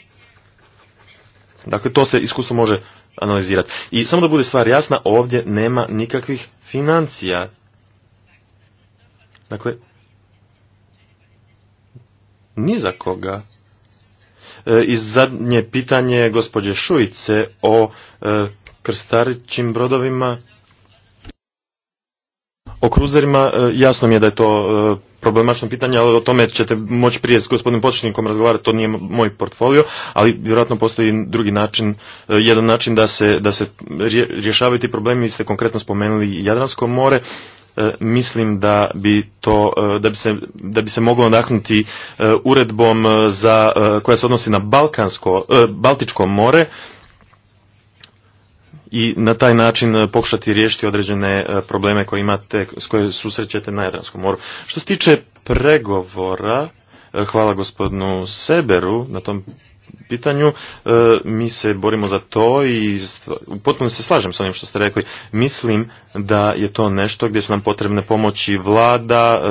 S3: Dakle, to se iskustvo može analizirati. I samo da bude stvar jasna, ovdje nema nikakvih financija. Dakle, ni za koga. E, I zadnje pitanje gospođe Šujice o e, krstarićim brodovima o kruzerima e, jasno mi je da je to e, problematično pitanje, ali o tome ćete moći prije s gospodinom početnikom razgovarati, to nije moj portfolio, ali vjerojatno postoji drugi način, e, jedan način da se, da se rješavaju ti problemi, vi ste konkretno spomenuli Jadransko more, mislim da bi to da bi se, da bi se moglo nadahnuti uredbom za, koja se odnosi na Balkansko, Baltičko more i na taj način e, pokušati riješiti određene e, probleme koje imate, s koje susrećete na Jadranskom moru. Što se tiče pregovora, e, hvala gospodinu Seberu na tom pitanju, mi se borimo za to i potpuno se slažem s onim što ste rekli. Mislim da je to nešto gdje su nam potrebne pomoći vlada,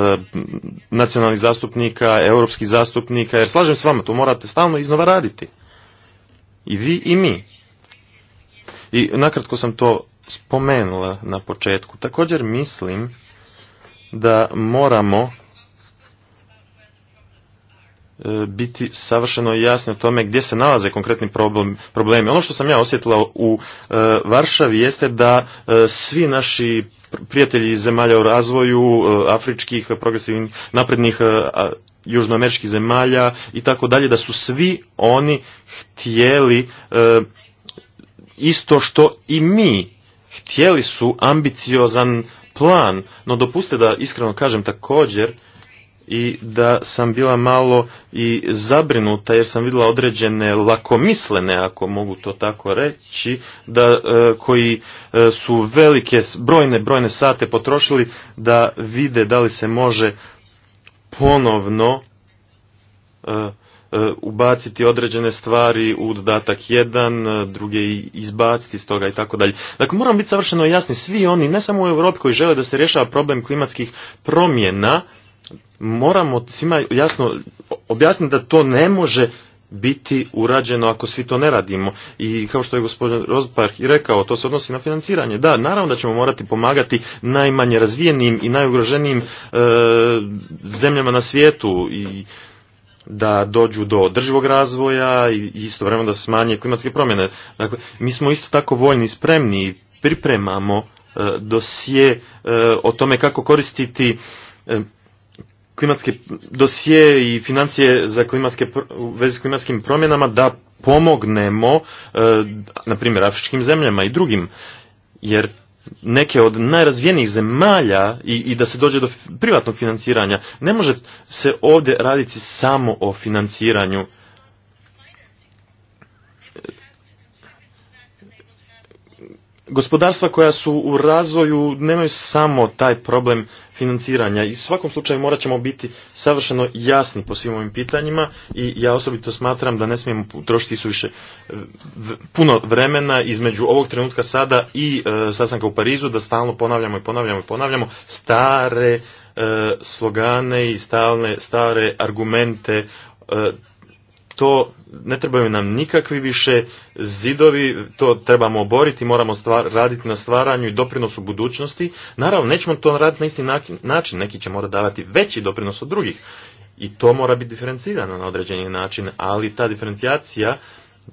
S3: nacionalnih zastupnika, europskih zastupnika, jer slažem s vama, to morate stalno iznova raditi. I vi i mi. I nakratko sam to spomenula na početku. Također mislim da moramo e, biti savršeno jasni o tome gdje se nalaze konkretni problem, problemi. Ono što sam ja osjetila u e, Varšavi jeste da e, svi naši prijatelji zemalja u razvoju, afričkih, progresivnih, naprednih južnoameričkih zemalja i tako dalje, da su svi oni htjeli isto što i mi. Htjeli su ambiciozan plan, no dopuste da iskreno kažem također i da sam bila malo i zabrinuta jer sam vidjela određene lakomislene, ako mogu to tako reći, da e, koji e, su velike, brojne, brojne sate potrošili da vide da li se može ponovno e, E, ubaciti određene stvari u dodatak jedan, e, druge izbaciti iz toga i tako dalje. Dakle, moramo biti savršeno jasni, svi oni, ne samo u Europi koji žele da se rješava problem klimatskih promjena, moramo svima jasno objasniti da to ne može biti urađeno ako svi to ne radimo. I kao što je gospodin Rozpark i rekao, to se odnosi na financiranje. Da, naravno da ćemo morati pomagati najmanje razvijenim i najugroženijim e, zemljama na svijetu i da dođu do održivog razvoja i isto vremeno da se smanje klimatske promjene. Dakle, mi smo isto tako voljni i spremni i pripremamo e, dosije e, o tome kako koristiti e, klimatske dosije i financije za klimatske, u vezi s klimatskim promjenama da pomognemo, na primjer, afričkim zemljama i drugim, jer neke od najrazvijenijih zemalja i, i da se dođe do privatnog financiranja. Ne može se ovdje raditi samo o financiranju gospodarstva koja su u razvoju nemaju samo taj problem financiranja i u svakom slučaju morat ćemo biti savršeno jasni po svim ovim pitanjima i ja osobito smatram da ne smijemo trošiti više e, puno vremena između ovog trenutka sada i e, sastanka u Parizu da stalno ponavljamo i ponavljamo i ponavljamo stare e, slogane i stalne stare argumente e, to ne trebaju nam nikakvi više zidovi, to trebamo oboriti, moramo stvar, raditi na stvaranju i doprinosu budućnosti. Naravno, nećemo to raditi na isti način, neki će morati davati veći doprinos od drugih i to mora biti diferencirano na određeni način, ali ta diferencijacija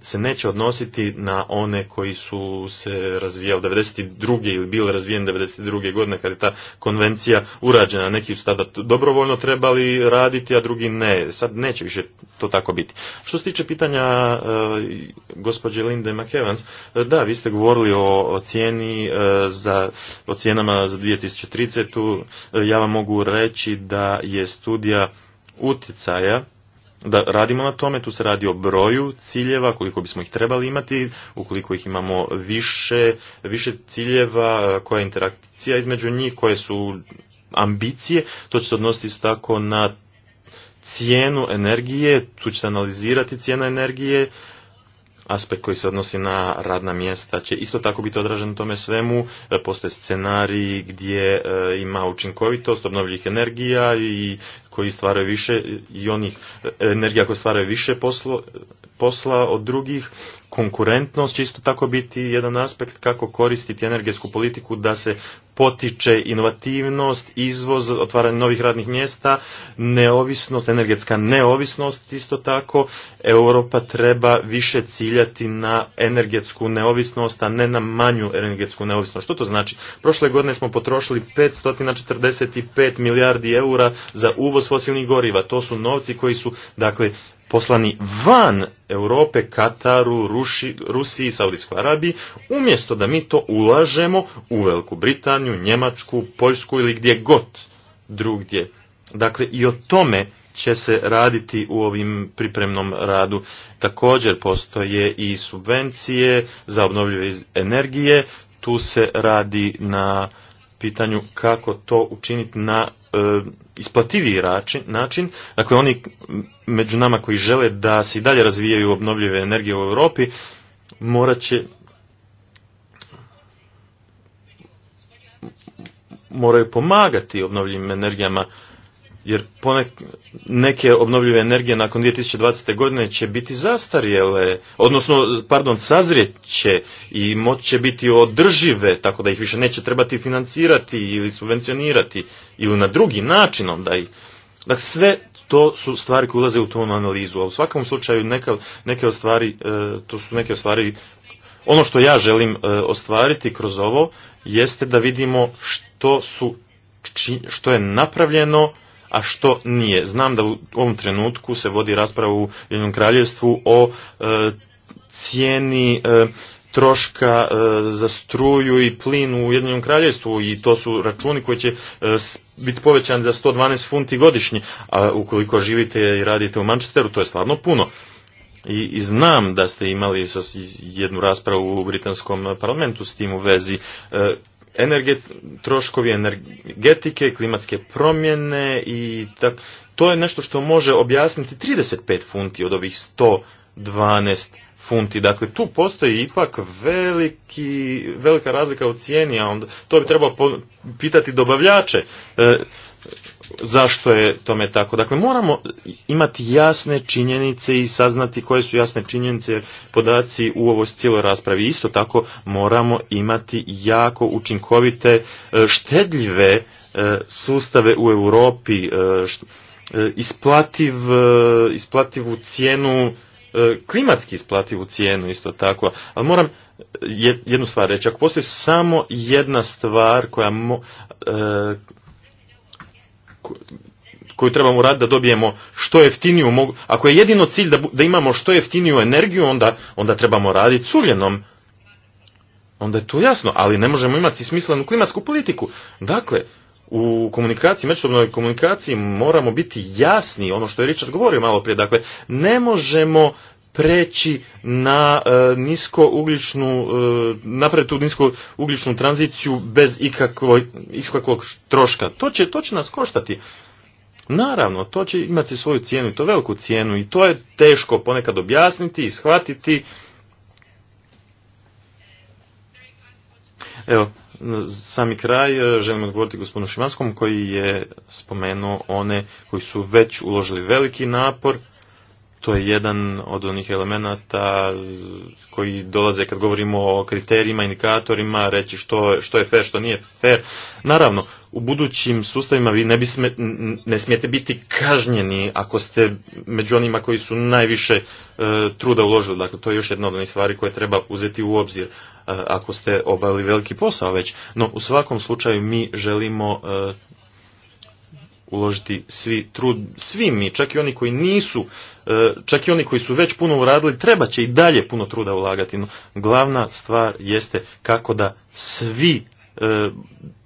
S3: se neće odnositi na one koji su se razvijali 92. ili bili razvijeni 92. godine kada je ta konvencija urađena. Neki su tada dobrovoljno trebali raditi, a drugi ne. Sad neće više to tako biti. Što se tiče pitanja e, gospođe Linde McEvans, e, da, vi ste govorili o, o cijeni e, za, o cijenama za 2030. Ja vam mogu reći da je studija utjecaja da radimo na tome, tu se radi o broju ciljeva, koliko bismo ih trebali imati, ukoliko ih imamo više, više ciljeva, koja je interakcija između njih, koje su ambicije, to će se odnositi isto tako na cijenu energije, tu će se analizirati cijena energije, aspekt koji se odnosi na radna mjesta će isto tako biti odražen tome svemu. E, postoje scenariji gdje e, ima učinkovitost obnovljivih energija i koji stvaraju više i onih energija koje stvaraju više posla od drugih. Konkurentnost će isto tako biti jedan aspekt kako koristiti energetsku politiku da se potiče inovativnost, izvoz, otvaranje novih radnih mjesta, neovisnost, energetska neovisnost isto tako. Europa treba više ciljati na energetsku neovisnost, a ne na manju energetsku neovisnost. Što to znači? Prošle godine smo potrošili 545 milijardi eura za uvoz uvoz fosilnih goriva. To su novci koji su, dakle, poslani van Europe, Kataru, Rusiji i Saudijskoj Arabiji, umjesto da mi to ulažemo u Veliku Britaniju, Njemačku, Poljsku ili gdje god drugdje. Dakle, i o tome će se raditi u ovim pripremnom radu. Također postoje i subvencije za obnovljive energije, tu se radi na pitanju kako to učiniti na e, isplativiji način. Dakle, oni među nama koji žele da se i dalje razvijaju obnovljive energije u Europi, morat će moraju pomagati obnovljivim energijama jer neke obnovljive energije nakon 2020. godine će biti zastarjele, odnosno, pardon, će i moć će biti održive, tako da ih više neće trebati financirati ili subvencionirati ili na drugi način da ih... Dakle, sve to su stvari koje ulaze u tu analizu, a u svakom slučaju neka, neke od stvari, e, to su neke od stvari, ono što ja želim e, ostvariti kroz ovo, jeste da vidimo što su, što je napravljeno, a što nije. Znam da u ovom trenutku se vodi rasprava u Jedinom kraljevstvu o e, cijeni e, troška e, za struju i plin u Jedinom kraljevstvu i to su računi koji će biti povećani za 112 funti godišnje, a ukoliko živite i radite u Manchesteru, to je stvarno puno. I, I znam da ste imali jednu raspravu u britanskom parlamentu s tim u vezi energet, troškovi energetike, klimatske promjene i tak, to je nešto što može objasniti 35 funti od ovih 112 funti. Dakle, tu postoji ipak veliki, velika razlika u cijeni, a onda to bi trebalo pitati dobavljače. E, zašto je tome tako. Dakle, moramo imati jasne činjenice i saznati koje su jasne činjenice podaci u ovoj cijeloj raspravi. Isto tako moramo imati jako učinkovite, e, štedljive e, sustave u Europi, e, isplativ, isplativu cijenu klimatski isplativu cijenu isto tako, ali moram jednu stvar reći, ako postoji samo jedna stvar koja mo, koju trebamo raditi da dobijemo što jeftiniju mogu... Ako je jedino cilj da, da imamo što jeftiniju energiju, onda, onda trebamo raditi s Onda je to jasno, ali ne možemo imati smislenu klimatsku politiku. Dakle, u komunikaciji, međusobnoj komunikaciji moramo biti jasni, ono što je Richard govorio malo prije, dakle, ne možemo preći na e, nisko ugljičnu, e, napraviti tu nisko ugljičnu tranziciju bez ikakvog, ikakvog troška. To će, to će nas koštati. Naravno, to će imati svoju cijenu i to veliku cijenu i to je teško ponekad objasniti i shvatiti. Evo, sami kraj e, želim odgovoriti gospodinu Šimanskom koji je spomenuo one koji su već uložili veliki napor to je jedan od onih elemenata koji dolaze kad govorimo o kriterijima, indikatorima, reći što, što je fair, što nije fair. Naravno, u budućim sustavima vi ne, bi ne smijete biti kažnjeni ako ste među onima koji su najviše e, truda uložili. Dakle, to je još jedna od onih stvari koje treba uzeti u obzir e, ako ste obavili veliki posao već. No, u svakom slučaju mi želimo e, uložiti svi trud, svi mi, čak i oni koji nisu, e, čak i oni koji su već puno uradili, treba će i dalje puno truda ulagati. No, glavna stvar jeste kako da svi e,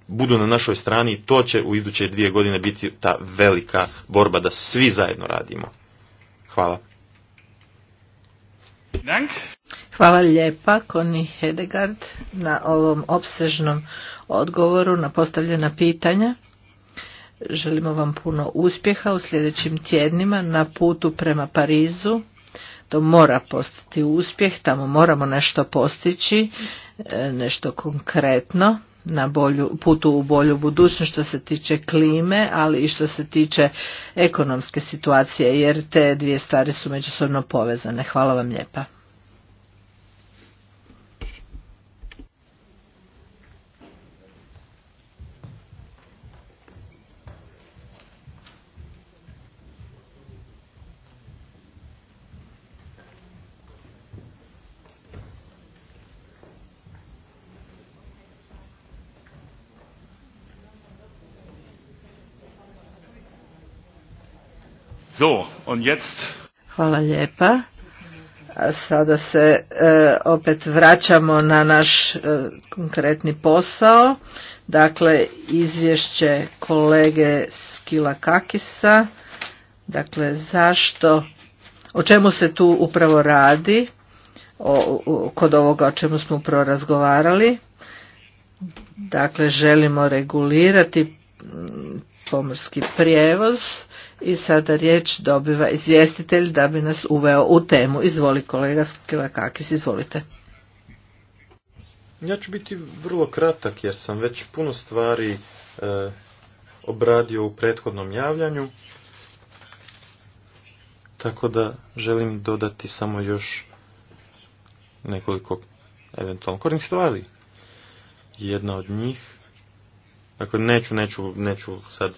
S3: budu na našoj strani i to će u iduće dvije godine biti ta velika borba da svi zajedno radimo. Hvala.
S1: Hvala lijepa Koni Hedegard na ovom opsežnom odgovoru na postavljena pitanja. Želimo vam puno uspjeha u sljedećim tjednima na putu prema Parizu. To mora postati uspjeh, tamo moramo nešto postići, e, nešto konkretno na bolju, putu u bolju budućnost što se tiče klime, ali i što se tiče ekonomske situacije, jer te dvije stvari su međusobno povezane. Hvala vam lijepa. So, Hvala lijepa. A sada se e, opet vraćamo na naš e, konkretni posao. Dakle, izvješće kolege Skila Kakisa. Dakle, zašto, o čemu se tu upravo radi, kod ovoga o čemu smo upravo razgovarali. Dakle, želimo regulirati pomorski prijevoz i sada riječ dobiva izvjestitelj da bi nas uveo u temu. Izvoli kolega Skilakakis, izvolite.
S3: Ja ću biti vrlo kratak jer sam već puno stvari e, obradio u prethodnom javljanju. Tako da želim dodati samo još nekoliko eventualno kornih stvari. Jedna od njih, dakle neću, neću, neću sad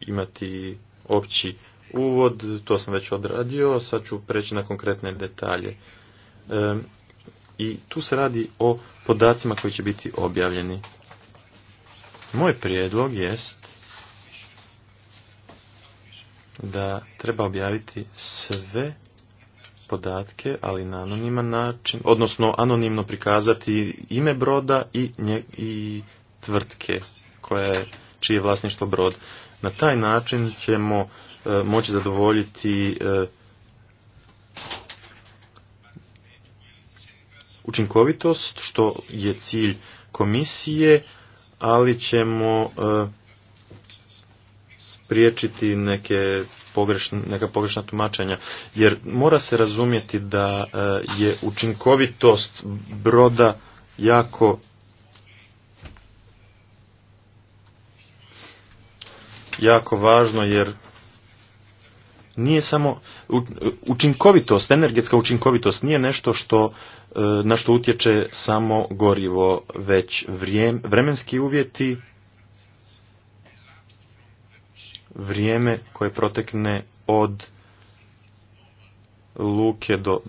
S3: imati opći uvod, to sam već odradio, sad ću preći na konkretne detalje. I tu se radi o podacima koji će biti objavljeni. Moj prijedlog jest da treba objaviti sve podatke, ali na anoniman način, odnosno anonimno prikazati ime broda i, nje, i tvrtke koja je, čije je vlasništvo brod. Na taj način ćemo e, moći zadovoljiti e, učinkovitost, što je cilj komisije, ali ćemo e, spriječiti neke pogrešne, neka pogrešna tumačenja. Jer mora se razumjeti da je učinkovitost broda jako jako važno jer nije samo učinkovitost, energetska učinkovitost nije nešto što, e, na što utječe samo gorivo, već vrijem, vremenski uvjeti, vrijeme koje protekne od luke do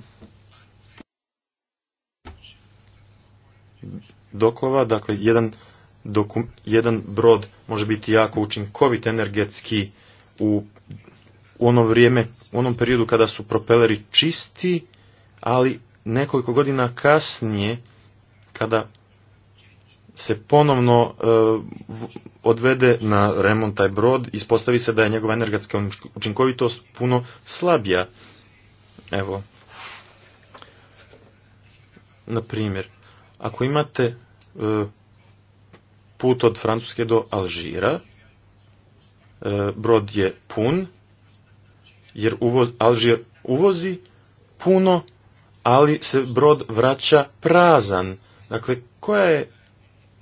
S3: dokova, dakle jedan dok jedan brod može biti jako učinkovit energetski u, ono vrijeme, u onom periodu kada su propeleri čisti, ali nekoliko godina kasnije kada se ponovno e, odvede na remont taj brod, ispostavi se da je njegova energetska učinkovitost puno slabija. Evo, na primjer, ako imate e, put od Francuske do Alžira. E, brod je pun, jer uvoz, Alžir uvozi puno, ali se brod vraća prazan. Dakle, koja je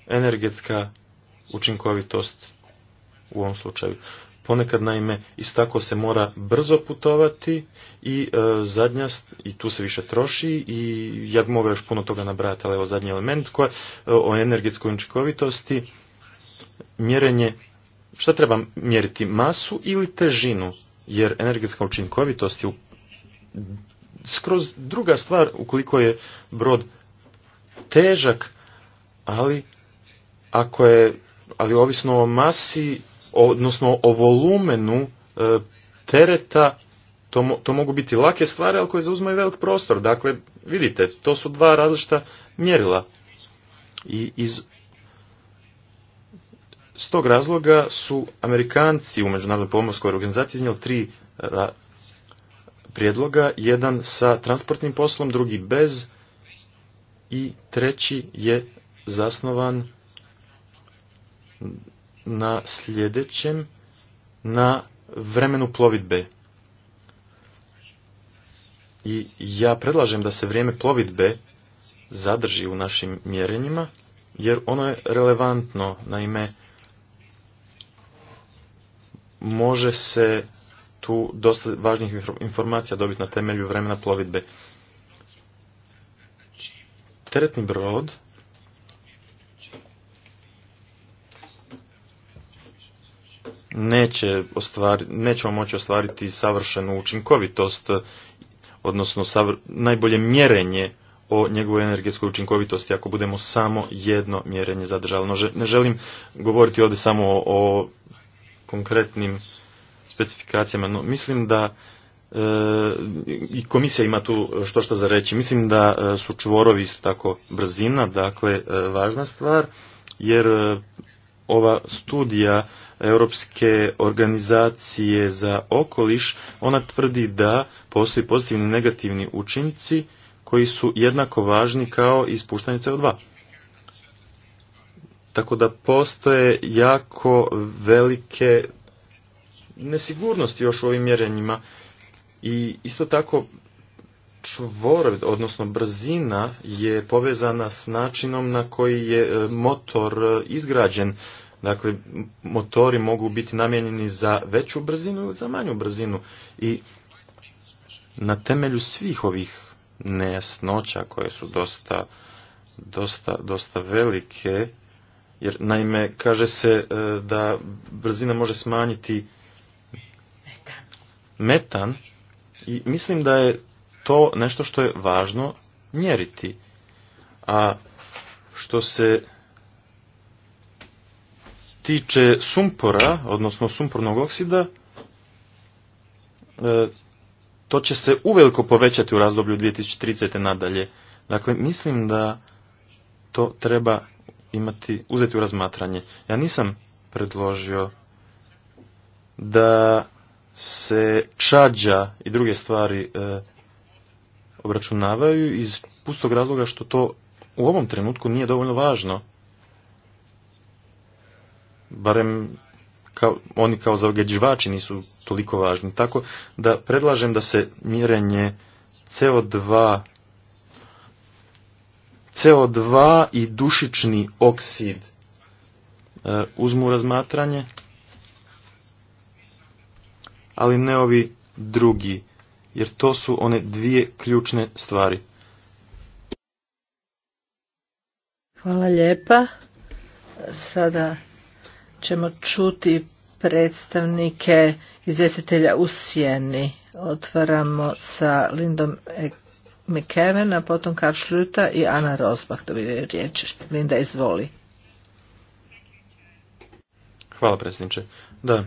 S3: energetska učinkovitost u ovom slučaju? Ponekad naime isto tako se mora brzo putovati i e, zadnja i tu se više troši i ja bi mogao još puno toga nabrati, ali evo zadnji element koja, e, o energetskoj učinkovitosti mjerenje šta treba mjeriti masu ili težinu jer energetska učinkovitost je skroz druga stvar ukoliko je brod težak ali ako je ali ovisno o masi odnosno o volumenu e, tereta, to, to mogu biti lake stvari, ali koje zauzmaju velik prostor. Dakle, vidite, to su dva različita mjerila. I iz s tog razloga su Amerikanci u Međunarodnoj pomorskoj organizaciji iznijeli tri e, prijedloga, jedan sa transportnim poslom, drugi bez i treći je zasnovan na sljedećem, na vremenu plovidbe. I ja predlažem da se vrijeme plovidbe zadrži u našim mjerenjima, jer ono je relevantno, naime, može se tu dosta važnih informacija dobiti na temelju vremena plovidbe. Teretni brod neće ostvariti, nećemo moći ostvariti savršenu učinkovitost, odnosno najbolje mjerenje o njegovoj energetskoj učinkovitosti ako budemo samo jedno mjerenje zadržali. No, ne želim govoriti ovdje samo o, konkretnim specifikacijama, no mislim da e, i komisija ima tu što što za reći. Mislim da e, su čvorovi isto tako brzina, dakle e, važna stvar, jer ova studija Europske organizacije za okoliš, ona tvrdi da postoji pozitivni i negativni učinci koji su jednako važni kao ispuštanje CO2. Tako da postoje jako velike nesigurnosti još u ovim mjerenjima i isto tako čvor, odnosno brzina je povezana s načinom na koji je e, motor e, izgrađen. Dakle, motori mogu biti namijenjeni za veću brzinu ili za manju brzinu. I na temelju svih ovih nejasnoća koje su dosta, dosta, dosta velike, jer naime kaže se e, da brzina može smanjiti metan i mislim da je to nešto što je važno mjeriti. A što se tiče sumpora, odnosno sumpornog oksida, e, to će se uveliko povećati u razdoblju 2030. nadalje. Dakle, mislim da to treba imati, uzeti u razmatranje. Ja nisam predložio da se čađa i druge stvari e, obračunavaju iz pustog razloga što to u ovom trenutku nije dovoljno važno barem kao, oni kao zagađivači nisu toliko važni. Tako da predlažem da se mjerenje CO2 CO2 i dušični oksid e, uzmu razmatranje, ali ne ovi drugi, jer to su one dvije ključne stvari.
S1: Hvala lijepa. Sada ćemo čuti predstavnike izvjestitelja u Sjeni. Otvaramo sa Lindom McKeven, a potom Karl i Ana Rozbah dobivaju riječ. Linda, izvoli.
S3: Hvala predsjedniče. Da,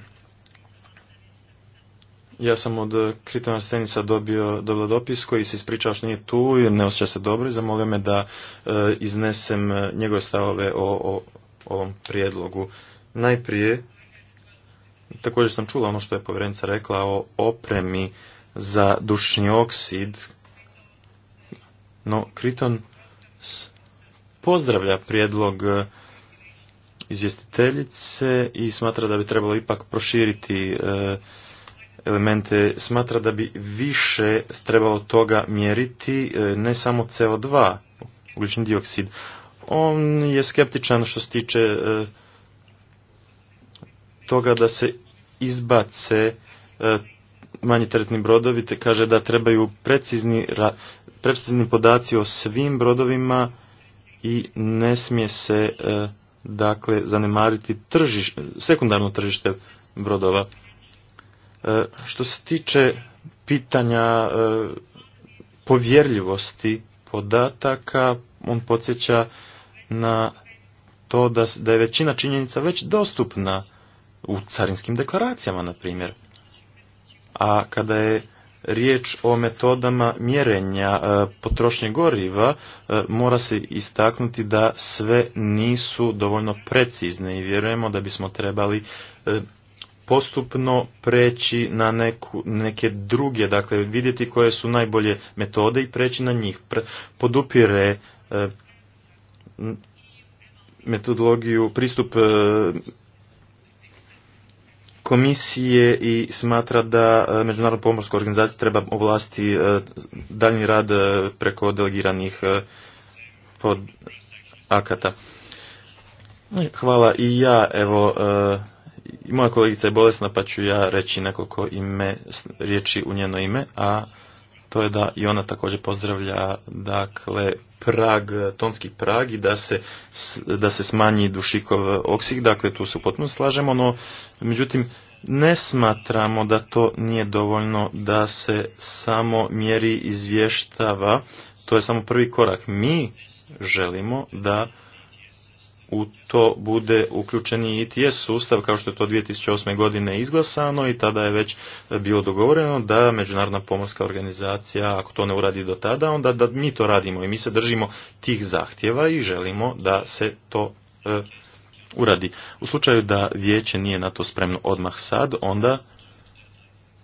S3: ja sam od Kriton Arsenisa dobio dobila dopis koji se ispričao što nije tu, i ne osjeća se dobro i zamolio me da e, iznesem e, njegove stavove o ovom prijedlogu. Najprije, također sam čula ono što je povjerenica rekla o opremi za dušni oksid, no Kriton pozdravlja prijedlog izvjestiteljice i smatra da bi trebalo ipak proširiti e, elemente, smatra da bi više trebalo toga mjeriti, e, ne samo CO2, ugljični dioksid. On je skeptičan što se tiče e, toga da se izbace e, manji teretni brodovi, te kaže da trebaju precizni, precizni podaci o svim brodovima i ne smije se e, dakle zanemariti sekundarno tržište brodova. E, što se tiče pitanja povjerljivosti podataka, on podsjeća na to da, da je većina činjenica već dostupna u carinskim deklaracijama, na primjer. A kada je riječ o metodama mjerenja e, potrošnje goriva, e, mora se istaknuti da sve nisu dovoljno precizne i vjerujemo da bismo trebali e, postupno preći na neku, neke druge, dakle vidjeti koje su najbolje metode i preći na njih. Podupire metodologiju, pristup komisije i smatra da e, Međunarodna pomorska organizacija treba ovlasti e, daljnji rad e, preko delegiranih pod akata. Hvala i ja, evo, moja kolegica je bolesna pa ću ja reći nekoliko ime, riječi u njeno ime, a to je da i ona također pozdravlja dakle prag, tonski prag i da se, da se smanji dušikov oksid, dakle tu se potpuno slažemo, no međutim ne smatramo da to nije dovoljno da se samo mjeri izvještava, to je samo prvi korak. Mi želimo da u to bude uključen i ITS sustav kao što je to 2008. godine izglasano i tada je već e, bilo dogovoreno da Međunarodna pomorska organizacija ako to ne uradi do tada onda da mi to radimo i mi se držimo tih zahtjeva i želimo da se to e, uradi. U slučaju da vijeće nije na to spremno odmah sad onda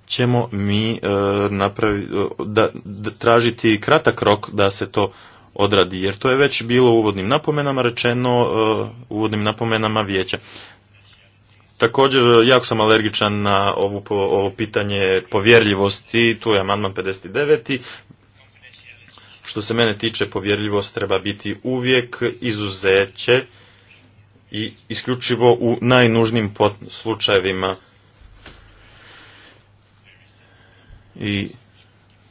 S3: ćemo mi e, e da, tražiti kratak rok da se to odradi, jer to je već bilo u uvodnim napomenama rečeno, e, u uvodnim napomenama vijeća. Također, e, jako sam alergičan na ovu, ovo pitanje povjerljivosti, tu je amandman 59. Što se mene tiče, povjerljivost treba biti uvijek izuzeće i isključivo u najnužnim slučajevima. I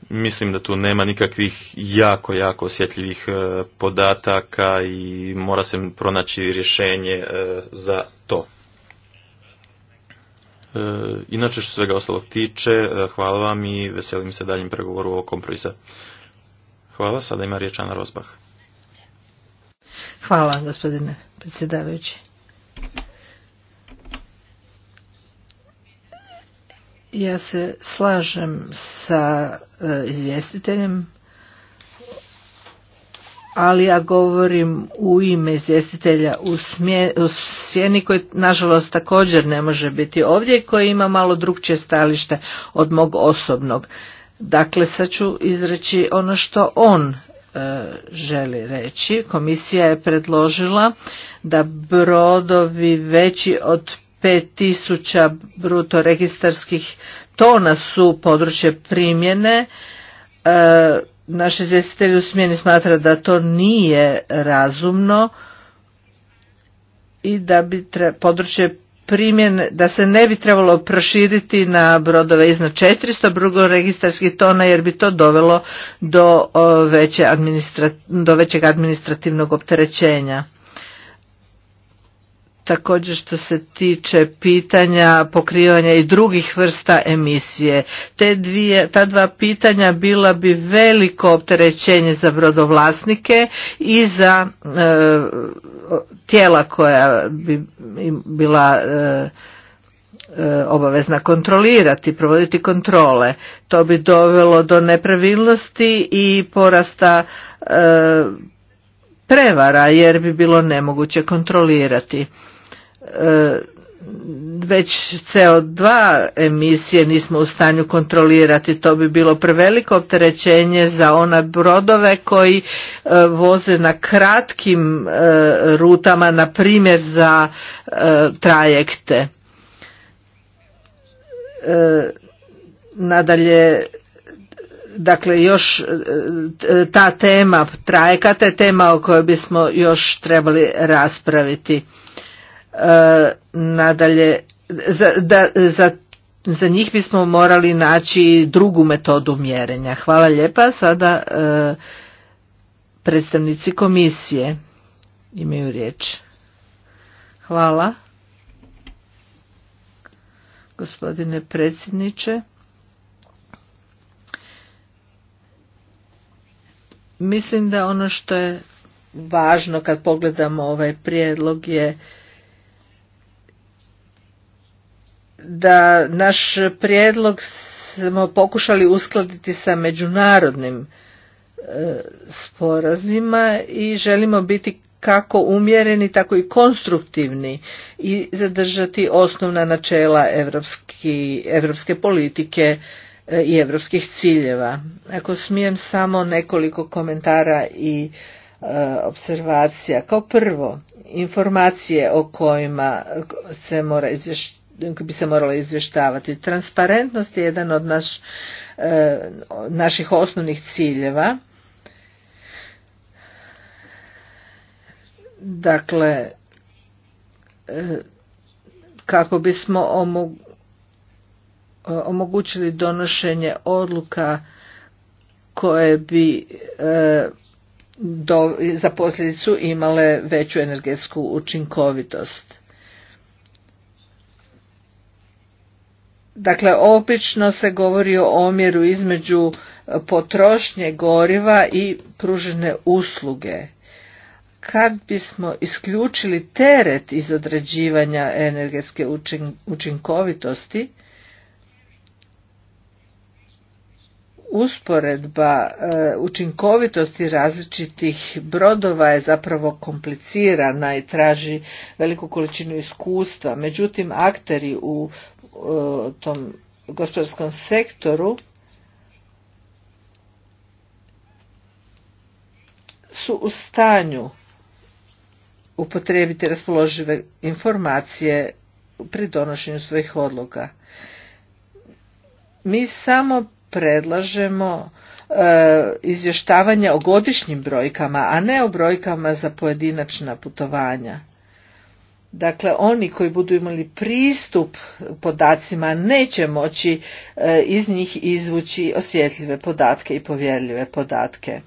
S3: Mislim da tu nema nikakvih jako, jako osjetljivih e, podataka i mora se pronaći rješenje e, za to. E, inače što svega ostalog tiče, hvala vam i veselim se daljnjem pregovoru o kompromisa. Hvala, sada ima riječ Ana Rozbah.
S1: Hvala gospodine predsjedavajući. Ja se slažem sa e, izvjestiteljem, ali ja govorim u ime izvjestitelja u, sjeni koji nažalost također ne može biti ovdje i koji ima malo drugčije stalište od mog osobnog. Dakle, sad ću izreći ono što on e, želi reći. Komisija je predložila da brodovi veći od 5000 bruto registarskih tona su područje primjene. E, naš izvjestitelj u smjeni smatra da to nije razumno i da bi tre, područje primjene, da se ne bi trebalo proširiti na brodove iznad 400 bruto registarskih tona jer bi to dovelo do, veće do većeg administrativnog opterećenja također što se tiče pitanja pokrivanja i drugih vrsta emisije. Te dvije, ta dva pitanja bila bi veliko opterećenje za brodovlasnike i za e, tijela koja bi bila e, e, obavezna kontrolirati, provoditi kontrole. To bi dovelo do nepravilnosti i porasta prevara jer bi bilo nemoguće kontrolirati. E, već CO2 emisije nismo u stanju kontrolirati. To bi bilo preveliko opterećenje za one brodove koji e, voze na kratkim e, rutama, na primjer za trajekte. Nadalje, dakle još ta tema trajekata je tema o kojoj bismo još trebali raspraviti nadalje za, da, za, za njih bismo morali naći drugu metodu mjerenja. Hvala lijepa. Sada e, predstavnici komisije imaju riječ. Hvala. Gospodine predsjedniče. Mislim da ono što je važno kad pogledamo ovaj prijedlog je da naš prijedlog smo pokušali uskladiti sa međunarodnim e, sporazima i želimo biti kako umjereni, tako i konstruktivni i zadržati osnovna načela evropski, evropske politike e, i evropskih ciljeva. Ako smijem samo nekoliko komentara i e, observacija. Kao prvo, informacije o kojima se mora izvješćati bi se morala izvještavati. Transparentnost je jedan od naš, e, naših osnovnih ciljeva. Dakle, e, kako bismo e, omogućili donošenje odluka koje bi za posljedicu imale veću energetsku učinkovitost. Dakle, obično se govori o omjeru između e, potrošnje goriva i pružene usluge. Kad bismo isključili teret iz određivanja energetske učinkovitosti, usporedba e, učinkovitosti različitih brodova je zapravo komplicirana i traži veliku količinu iskustva. Međutim, akteri u tom gospodarskom sektoru su u stanju upotrijebiti raspoložive informacije pri donošenju svojih odluka. Mi samo predlažemo e, izvještavanje o godišnjim brojkama, a ne o brojkama za pojedinačna putovanja. Dakle, oni koji budu imali pristup podacima neće moći e, iz njih izvući osjetljive podatke i povjerljive podatke. E,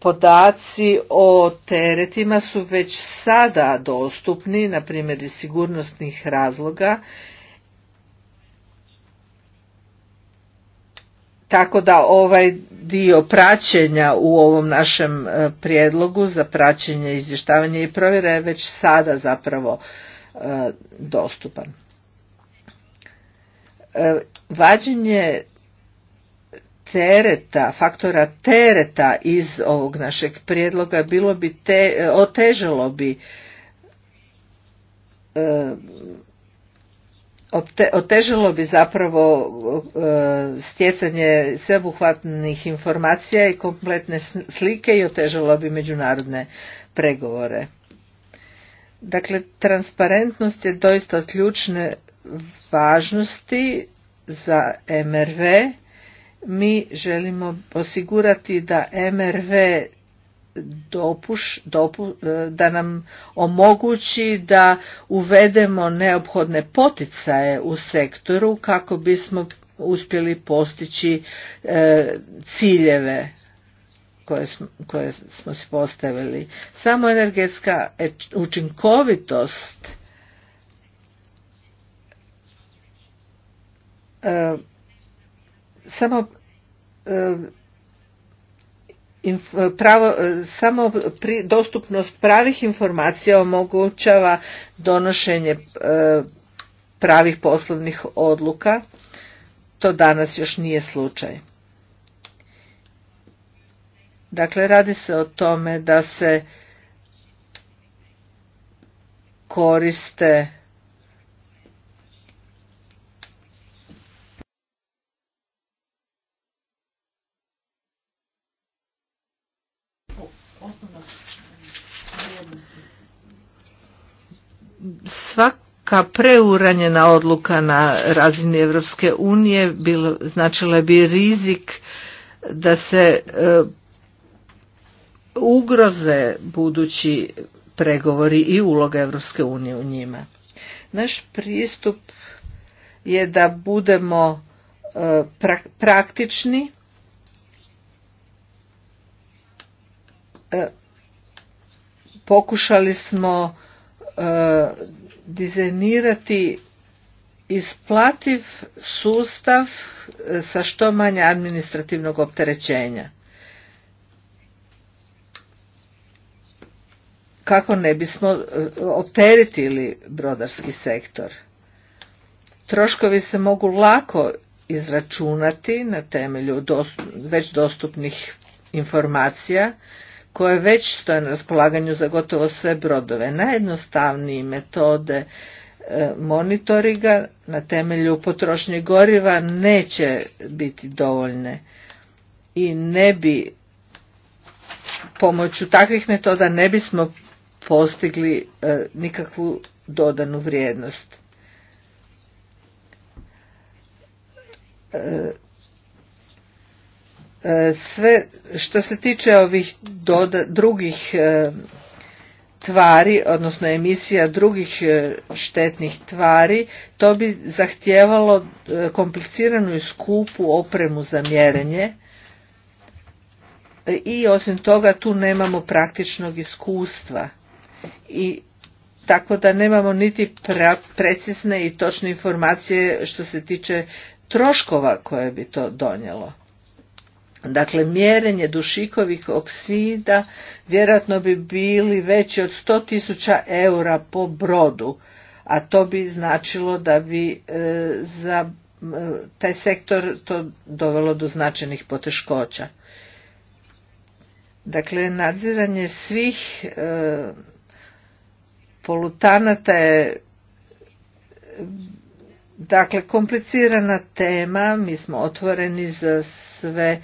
S1: podaci o teretima su već sada dostupni, na primjer iz sigurnosnih razloga Tako da ovaj dio praćenja u ovom našem e, prijedlogu za praćenje, izvještavanje i provjere je već sada zapravo e, dostupan. E, vađenje tereta, faktora tereta iz ovog našeg prijedloga bilo bi te, otežalo bi Otežilo bi zapravo e, stjecanje sveobuhvatnih informacija i kompletne slike i otežalo bi međunarodne pregovore. Dakle, transparentnost je doista od ključne važnosti za MRV. Mi želimo osigurati da MRV dopu, e, da nam omogući da uvedemo neophodne poticaje u sektoru kako bismo uspjeli postići e, ciljeve koje smo, si postavili. Samo energetska učinkovitost e, samo E, pravo, e, samo dostupnost pravih informacija omogućava donošenje e, pravih poslovnih odluka. To danas još nije slučaj. Dakle, radi se o tome da se koriste svaka preuranjena odluka na razini Europske unije bilo, značila bi rizik da se e, ugroze budući pregovori i uloga Europske unije u njima. Naš pristup je da budemo e, praktični e, pokušali smo dizajnirati isplativ sustav e, sa što manje administrativnog opterećenja. Kako ne bismo e, opteretili brodarski sektor. Troškovi se mogu lako izračunati na temelju već dostupnih informacija koje već stoje na raspolaganju za gotovo sve brodove. Najjednostavnije metode e, monitoriga na temelju potrošnje goriva neće biti dovoljne i ne bi pomoću takvih metoda ne bismo postigli e, nikakvu dodanu vrijednost e, E, sve što se tiče ovih drugih e, tvari odnosno emisija drugih e, štetnih tvari to bi zahtijevalo kompliciranu i skupu opremu za mjerenje i osim toga tu nemamo praktičnog iskustva i tako da nemamo niti pra, precizne i točne informacije što se tiče troškova koje bi to donijelo Dakle, mjerenje dušikovih oksida vjerojatno bi bili veći od 100.000 eura po brodu, a to bi značilo da bi e, za taj sektor to dovelo do značajnih poteškoća. Dakle, nadziranje svih e, polutanata je dakle komplicirana tema, mi smo otvoreni za sve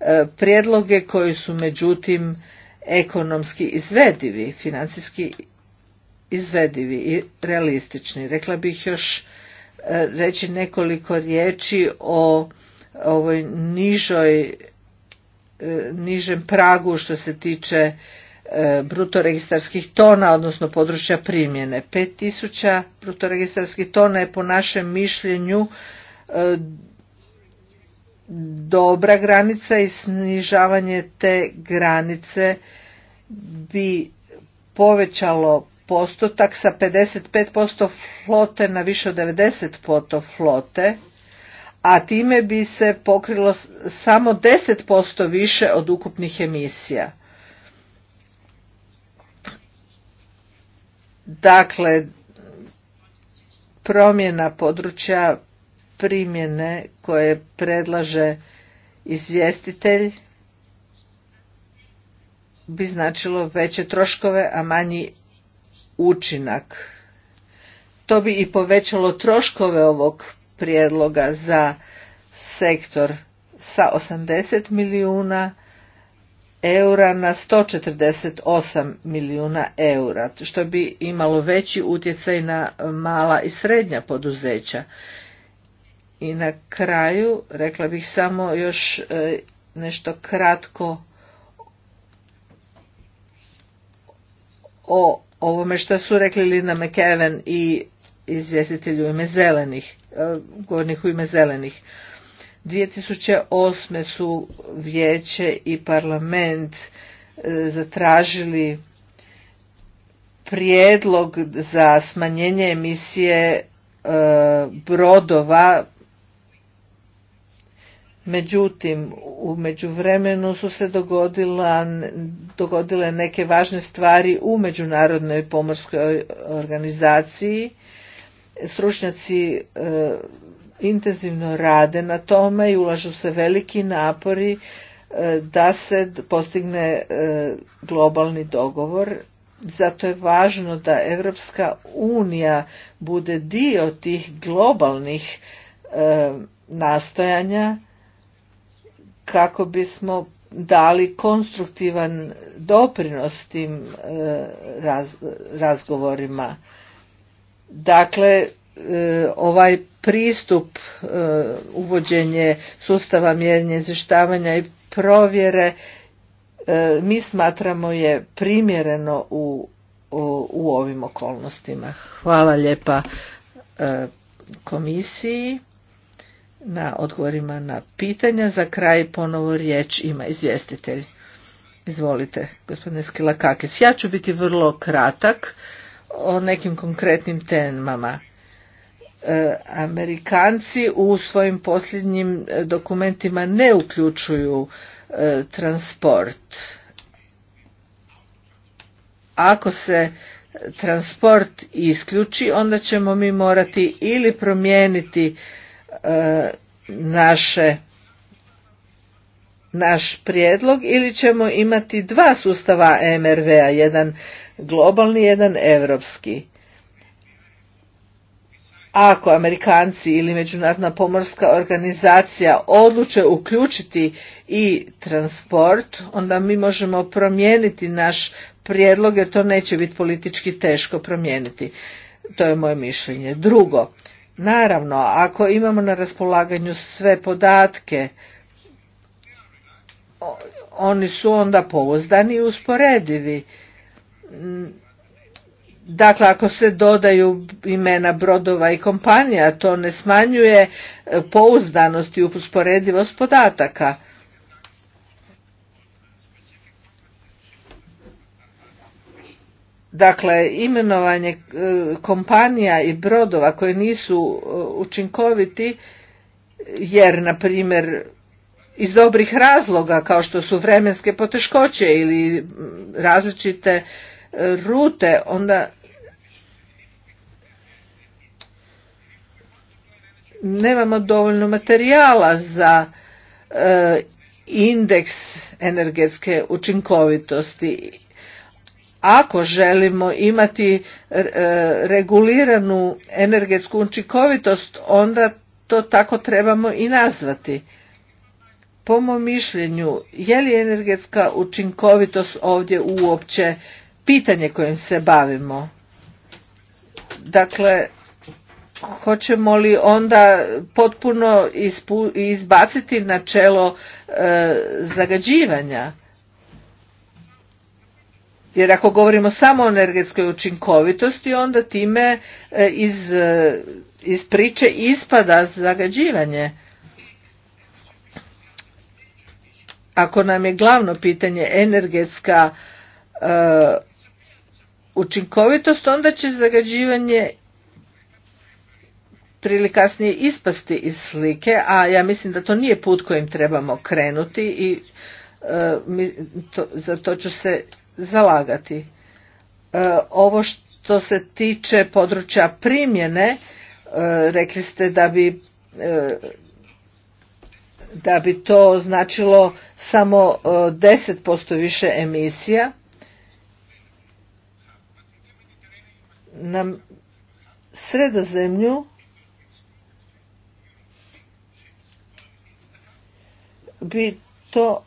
S1: E, prijedloge koji su međutim ekonomski izvedivi, financijski izvedivi i realistični. Rekla bih još e, reći nekoliko riječi o ovoj nižoj e, nižem pragu što se tiče bruto registarskih tona, odnosno područja primjene. 5000 bruto tona je po našem mišljenju dobra granica i snižavanje te granice bi povećalo postotak sa 55% flote na više od 90% flote, a time bi se pokrilo samo 10% više od ukupnih emisija. Dakle, promjena područja primjene koje predlaže izvjestitelj bi značilo veće troškove, a manji učinak. To bi i povećalo troškove ovog prijedloga za sektor sa 80 milijuna eura na 148 milijuna eura, što bi imalo veći utjecaj na mala i srednja poduzeća. I na kraju rekla bih samo još e, nešto kratko o ovome što su rekli Linda McEwen i izvjestitelj u ime zelenih, e, govornik u ime zelenih. 2008. su vijeće i parlament e, zatražili prijedlog za smanjenje emisije brodova Međutim, u međuvremenu su se dogodila, dogodile neke važne stvari u Međunarodnoj pomorskoj organizaciji. Stručnjaci e, intenzivno rade na tome i ulažu se veliki napori e, da se postigne e, globalni dogovor. Zato je važno da Europska unija bude dio tih globalnih nastojanja kako bismo dali konstruktivan doprinos tim e, razgovorima. Dakle, e, ovaj pristup e, uvođenje sustava mjerenja izvještavanja i provjere mi smatramo je primjereno u, u, u ovim okolnostima. Hvala lijepa komisiji na odgovorima na pitanja. Za kraj ponovo riječ ima izvjestitelj. Izvolite, gospodine Skilakakis. Ja ću biti vrlo kratak o nekim konkretnim temama. E, Amerikanci u svojim posljednjim e, dokumentima ne uključuju e, transport. Ako se transport isključi, onda ćemo mi morati ili promijeniti naše naš prijedlog ili ćemo imati dva sustava MRV-a, jedan globalni, jedan europski. Ako Amerikanci ili Međunarodna pomorska organizacija odluče uključiti i transport, onda mi možemo promijeniti naš prijedlog jer to neće biti politički teško promijeniti. To je moje mišljenje. Drugo, Naravno, ako imamo na raspolaganju sve podatke, oni su onda pouzdani i usporedivi. Mm, dakle, ako se dodaju imena brodova i kompanija, to ne smanjuje e, pouzdanost i usporedivost podataka. Dakle, imenovanje e, kompanija i brodova koje nisu e, učinkoviti, jer, na primjer, iz dobrih razloga kao što su vremenske poteškoće ili različite e, rute, onda nemamo dovoljno materijala za indeks energetske učinkovitosti ako želimo imati e, e, reguliranu energetsku učinkovitost onda to tako trebamo i nazvati po mom mišljenju je li energetska učinkovitost ovdje uopće pitanje kojim se bavimo dakle hoćemo li onda potpuno izbaciti načelo e, zagađivanja jer ako govorimo samo o energetskoj učinkovitosti, onda time e, iz, e, iz priče ispada zagađivanje. Ako nam je glavno pitanje energetska e, učinkovitost, onda će zagađivanje prilikasnije ispasti iz slike, a ja mislim da to nije put kojim trebamo krenuti i to, za to ću se zalagati. E, ovo što se tiče područja primjene, e, rekli ste da bi e, da bi to značilo samo 10% više emisija. Na sredozemlju bi to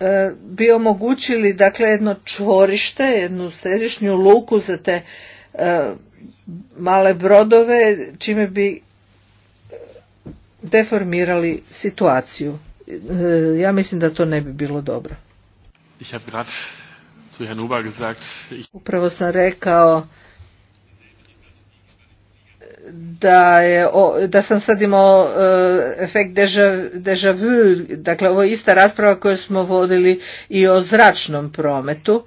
S1: E, bi omogućili dakle jedno čvorište, jednu središnju luku za te e, male brodove čime bi deformirali situaciju. E, ja mislim da to ne bi bilo dobro. Upravo sam rekao da, je, da sam sad imao e, efekt deja, vu, dakle ovo je ista rasprava koju smo vodili i o zračnom prometu.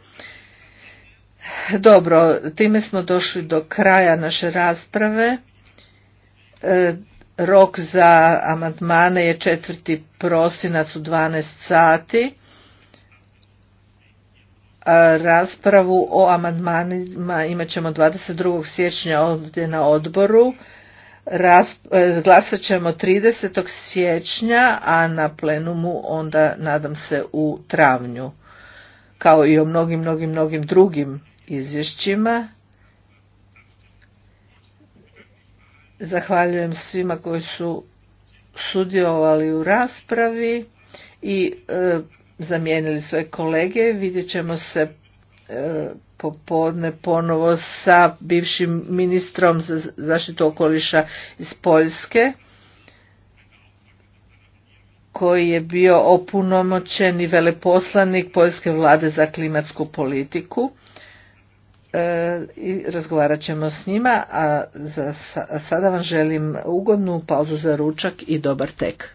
S1: Dobro, time smo došli do kraja naše rasprave. E, rok za amandmane je 4. prosinac u 12 sati. Raspravu o amandmanima imat ćemo 22. siječnja ovdje na odboru. E, glasat ćemo 30. siječnja, a na plenumu onda nadam se u travnju. Kao i o mnogim, mnogim, mnogim drugim izvješćima. Zahvaljujem svima koji su sudjelovali u raspravi i e, zamijenili sve kolege. Vidjet ćemo se e, popodne ponovo sa bivšim ministrom za zaštitu okoliša iz Poljske koji je bio i veleposlanik Poljske vlade za klimatsku politiku e, i razgovarat ćemo s njima, a, za, a sada vam želim ugodnu pauzu za ručak i dobar tek.